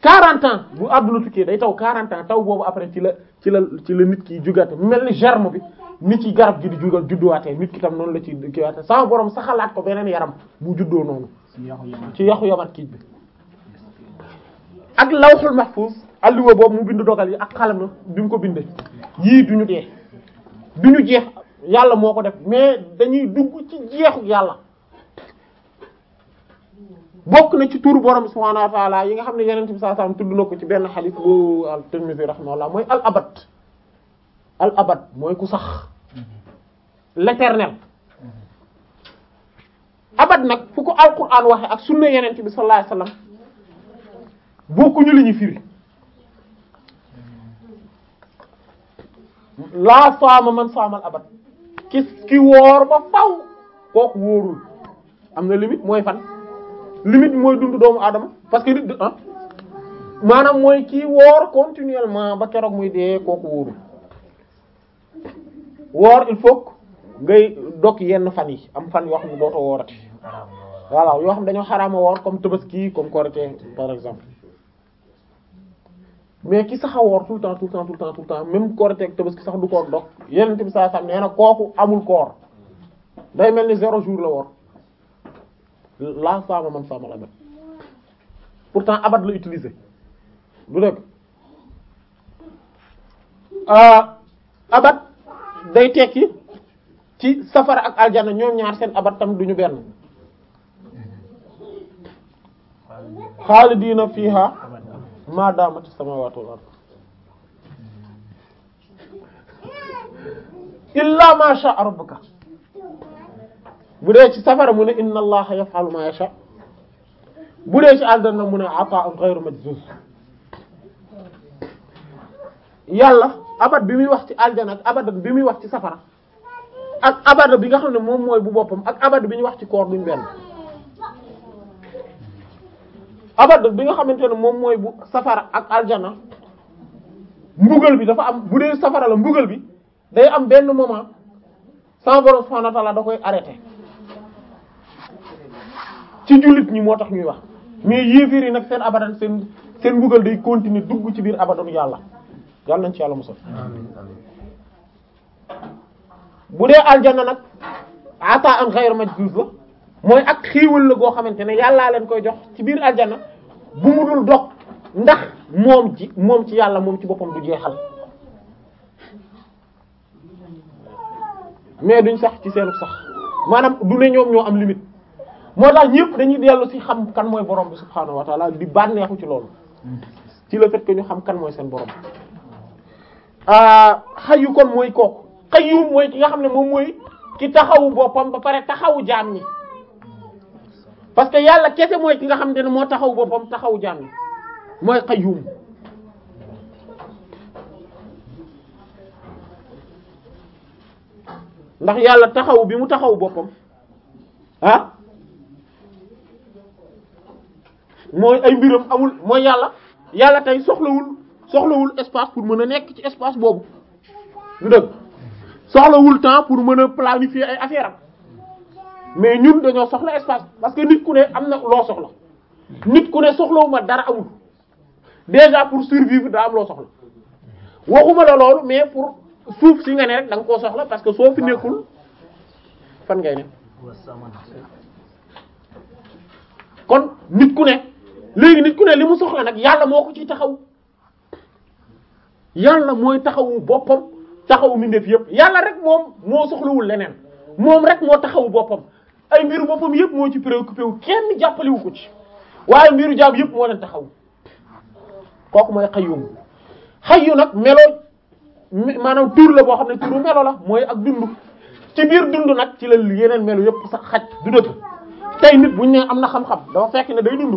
40 ans bu àdduna tukkee day taw 40 ans taw boobu après ci la ci la ci la nit ki jugaate mel ni germe bi nit ci garab gi di jugal judduwaatee nit ki tam noonu la ci kiwaate sama borom saxalaat ko beneen yaram bu juddoo noonu ci yàqu yamar kiit bi ak lawhul mahfuz alluwa boobu mu bind dogal yi ak xalam bi mu ko bindee yii duñu dee du ñu jeex yàlla moo ko def mais dañuy dugg ci jeexu yàlla bokk na ci turu borom subhaanahu wa ta'ala yi nga xam ne yeneen bi saa saam tudd na ko ci benn xadis bu al-Tirmidhi rahimahullah mooy al abad al abad mooy ku sax l'éternel abad nag fu ko alquran waxe ak sunna yeneen bi sallallahu alayhi wasallam bokkuñu li ñu firi laa saama man saamal abat ki woor ba faw kooku wóorul am na limite mooy fan limite mooy dund doomu aadama parce que nit ah maanaam mooy kii woor continuellement ba keroog muy dee kooku wóorul woor il faut ngay dog yenn fan yi am fan yoo xam ne dootoo woorati voilà yoo xam dañoo xaraama woor comme tabaski comme korité par exemple mais ki sax a woor tout le temps tout le temps tout le temps tout le sax du koor dog yenent bi saa sax nee kooku amul koor day mel ni zéro jour la woor la saama man saama la mel pourtant abad la utiliser du dëgg euh, abad day tekki ci safara ak aljana ñoom ñaar seen abad tam duñu benn xaalidiina fiiha maadaamati samawati wal ard illa ma sha rabbuka bu dee ci safara mu ne inna allaha yaf'alu ma yasha bu dee ci aljanna mu ne ata'un ghayru majzuz yàlla abad bi muy wax ci aljanna ak abad bi muy wax ci safara ak abad bi nga xam ne moom mooy bu boppam ak abad bi ñu wax ci koor duñ benn abad bi nga xamante ne moom mooy bu safara ak aljana mbugal bi dafa am bu dee safara la mbugal bi day am benn moment sans borom subhanahu da koy arrêté ci jullit ñi moo tax ñuy wax mais yéeféer yi nag seen abadan seen seen mbugal day continuer dugg ci biir abadanu yàlla yàlla nañ ci yàlla musal bu dee aljana nag ata an ghayr majzuz la mooy ak xéewal la goo xamante ne yàllaa leen koy jox ci biir aljana bu mu dul dog ndax moom ci moom ci yàlla moom ci boppam du jeexal mais duñ sax ci seenu sax maanaam du ne ñoom ñoo am limite moo tax ñëpp dañuy dellu si xam kan mooy borom bi subhaanahu wa taala di bànneexu ci loolu ci la fait que ñu xam kan mooy seen borom ah, xayu kon mooy kooku xayu mooy ki nga xam ne moom mooy ki taxawu boppam ba pare taxawu jaan ñi parce que yàlla kese mooy ki nga xamante ne moo taxaw boppam taxaw jàmm mooy qayyum ndax yàlla taxaw bi mu taxaw boppam ah mooy ay mbiram amul mooy yàlla yàlla tey soxlawul soxlawul espace pour mën a nekk ci espace boobu lu dëgg soxlawul temps pour mën a planifier ay affaire mais ñun dañoo soxla espace parce que nit ku ne am na loo soxla nit ku ne soxlawuma dara amul déjà pour survivre daa am loo soxla waxuma la loolu mais pour suuf si nga ne rek da nga koo soxla parce que soo fi nekkul fan ngay ne kon nit ku ne léegi nit ku ne li mu soxla nag yàlla moo ko ciy taxaw yàlla mooy taxawu boppam taxawu mu ndef yëpp yàlla rek moom moo soxlawul leneen moom rek moo taxawu boppam ay mbiru boppam yëpp moo ci préoccupé wu kenn jàppalewu ko ci waaye mbiru jaam yëpp moo leen taxaw kooku mooy xayyum xayyu nag melo maanaam tur la boo xam ne turu melo la mooy ak dund ci biir dund nag ci la yeneen melo yëpp sax xaj du dëkk tey nit buñ ne am na xam-xam dafa fekk ne day dund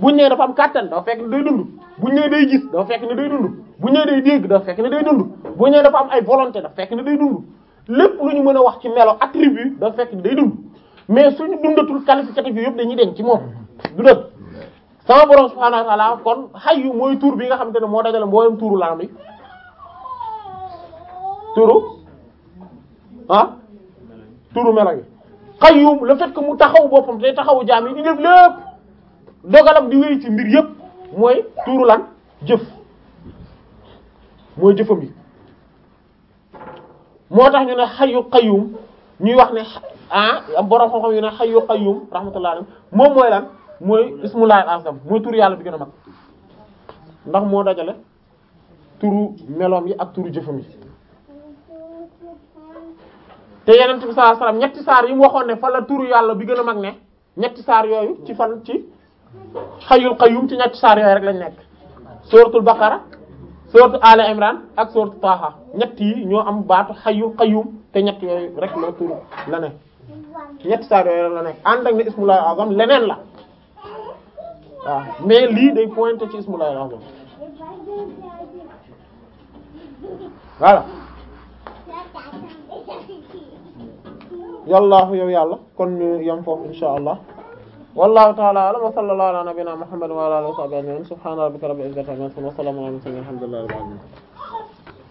bu ne dafa am kàttan dafa fekk ne day dund buñ ne gis dafa fekk ne day dund bu ne day dégg dafa fekk ne day dund buñ ne dafa am ay volonté dafa fekk na day dund lépp lu ñu mën a wax ci melo attribut dafa fekk ne day dund mais suñu dundatul qualificatif yooyu yëpp dañuy den ci moom du dëgg sama borom subhaanahu wa ta'ala kon hayyu mooy tuur bi nga xamante ne moo dajale moo tuuru laam bi turu ah turu mela gi qayyum le fait mu taxaw boppam day taxaw jaam i di lépp dogalam di wéy ci mbir yëpp mooy tuur lan jëf mooy jëfam moo tax ñu ne hayyu qayyum ñuy wax ne ah borom xam-xam yu ne xayyu qayyum rahmatullahi moom mooy lan mooy ismullahi al-azam mooy tur yàlla bi gën a mag ndax moo dajale turu meloom yi ak turu jëfam yi te yenent bi sallallahu alayhi ñetti saar yi mu waxoon ne fa la turu yàlla bi gën a mag ne ñetti saar yooyu ci fan ci xayyul qayyum ci ñetti saar yooyu rek lañ nekk suratul baqara sourate Al Imran ak sourate Taha ñett yi ñoo am baatu xayyul qayyum te ñett yooyu rek la tur la nekk ñett saa yooyu la nekk ànd ak ne ismullah azam leneen la waaw mais lii day pointé ci ismullah azam voilà yàllaahu yow yàlla kon ñu yam foofu insha allah wallahu ta'ala a'lam wa sallallahu ala nabina muhammad wa ala alihi wa sahbihi ajma'in subhana rabbika rabbil izzati amma yasifun wa salamun ala al mursalin walhamdulillahi rabbil alamin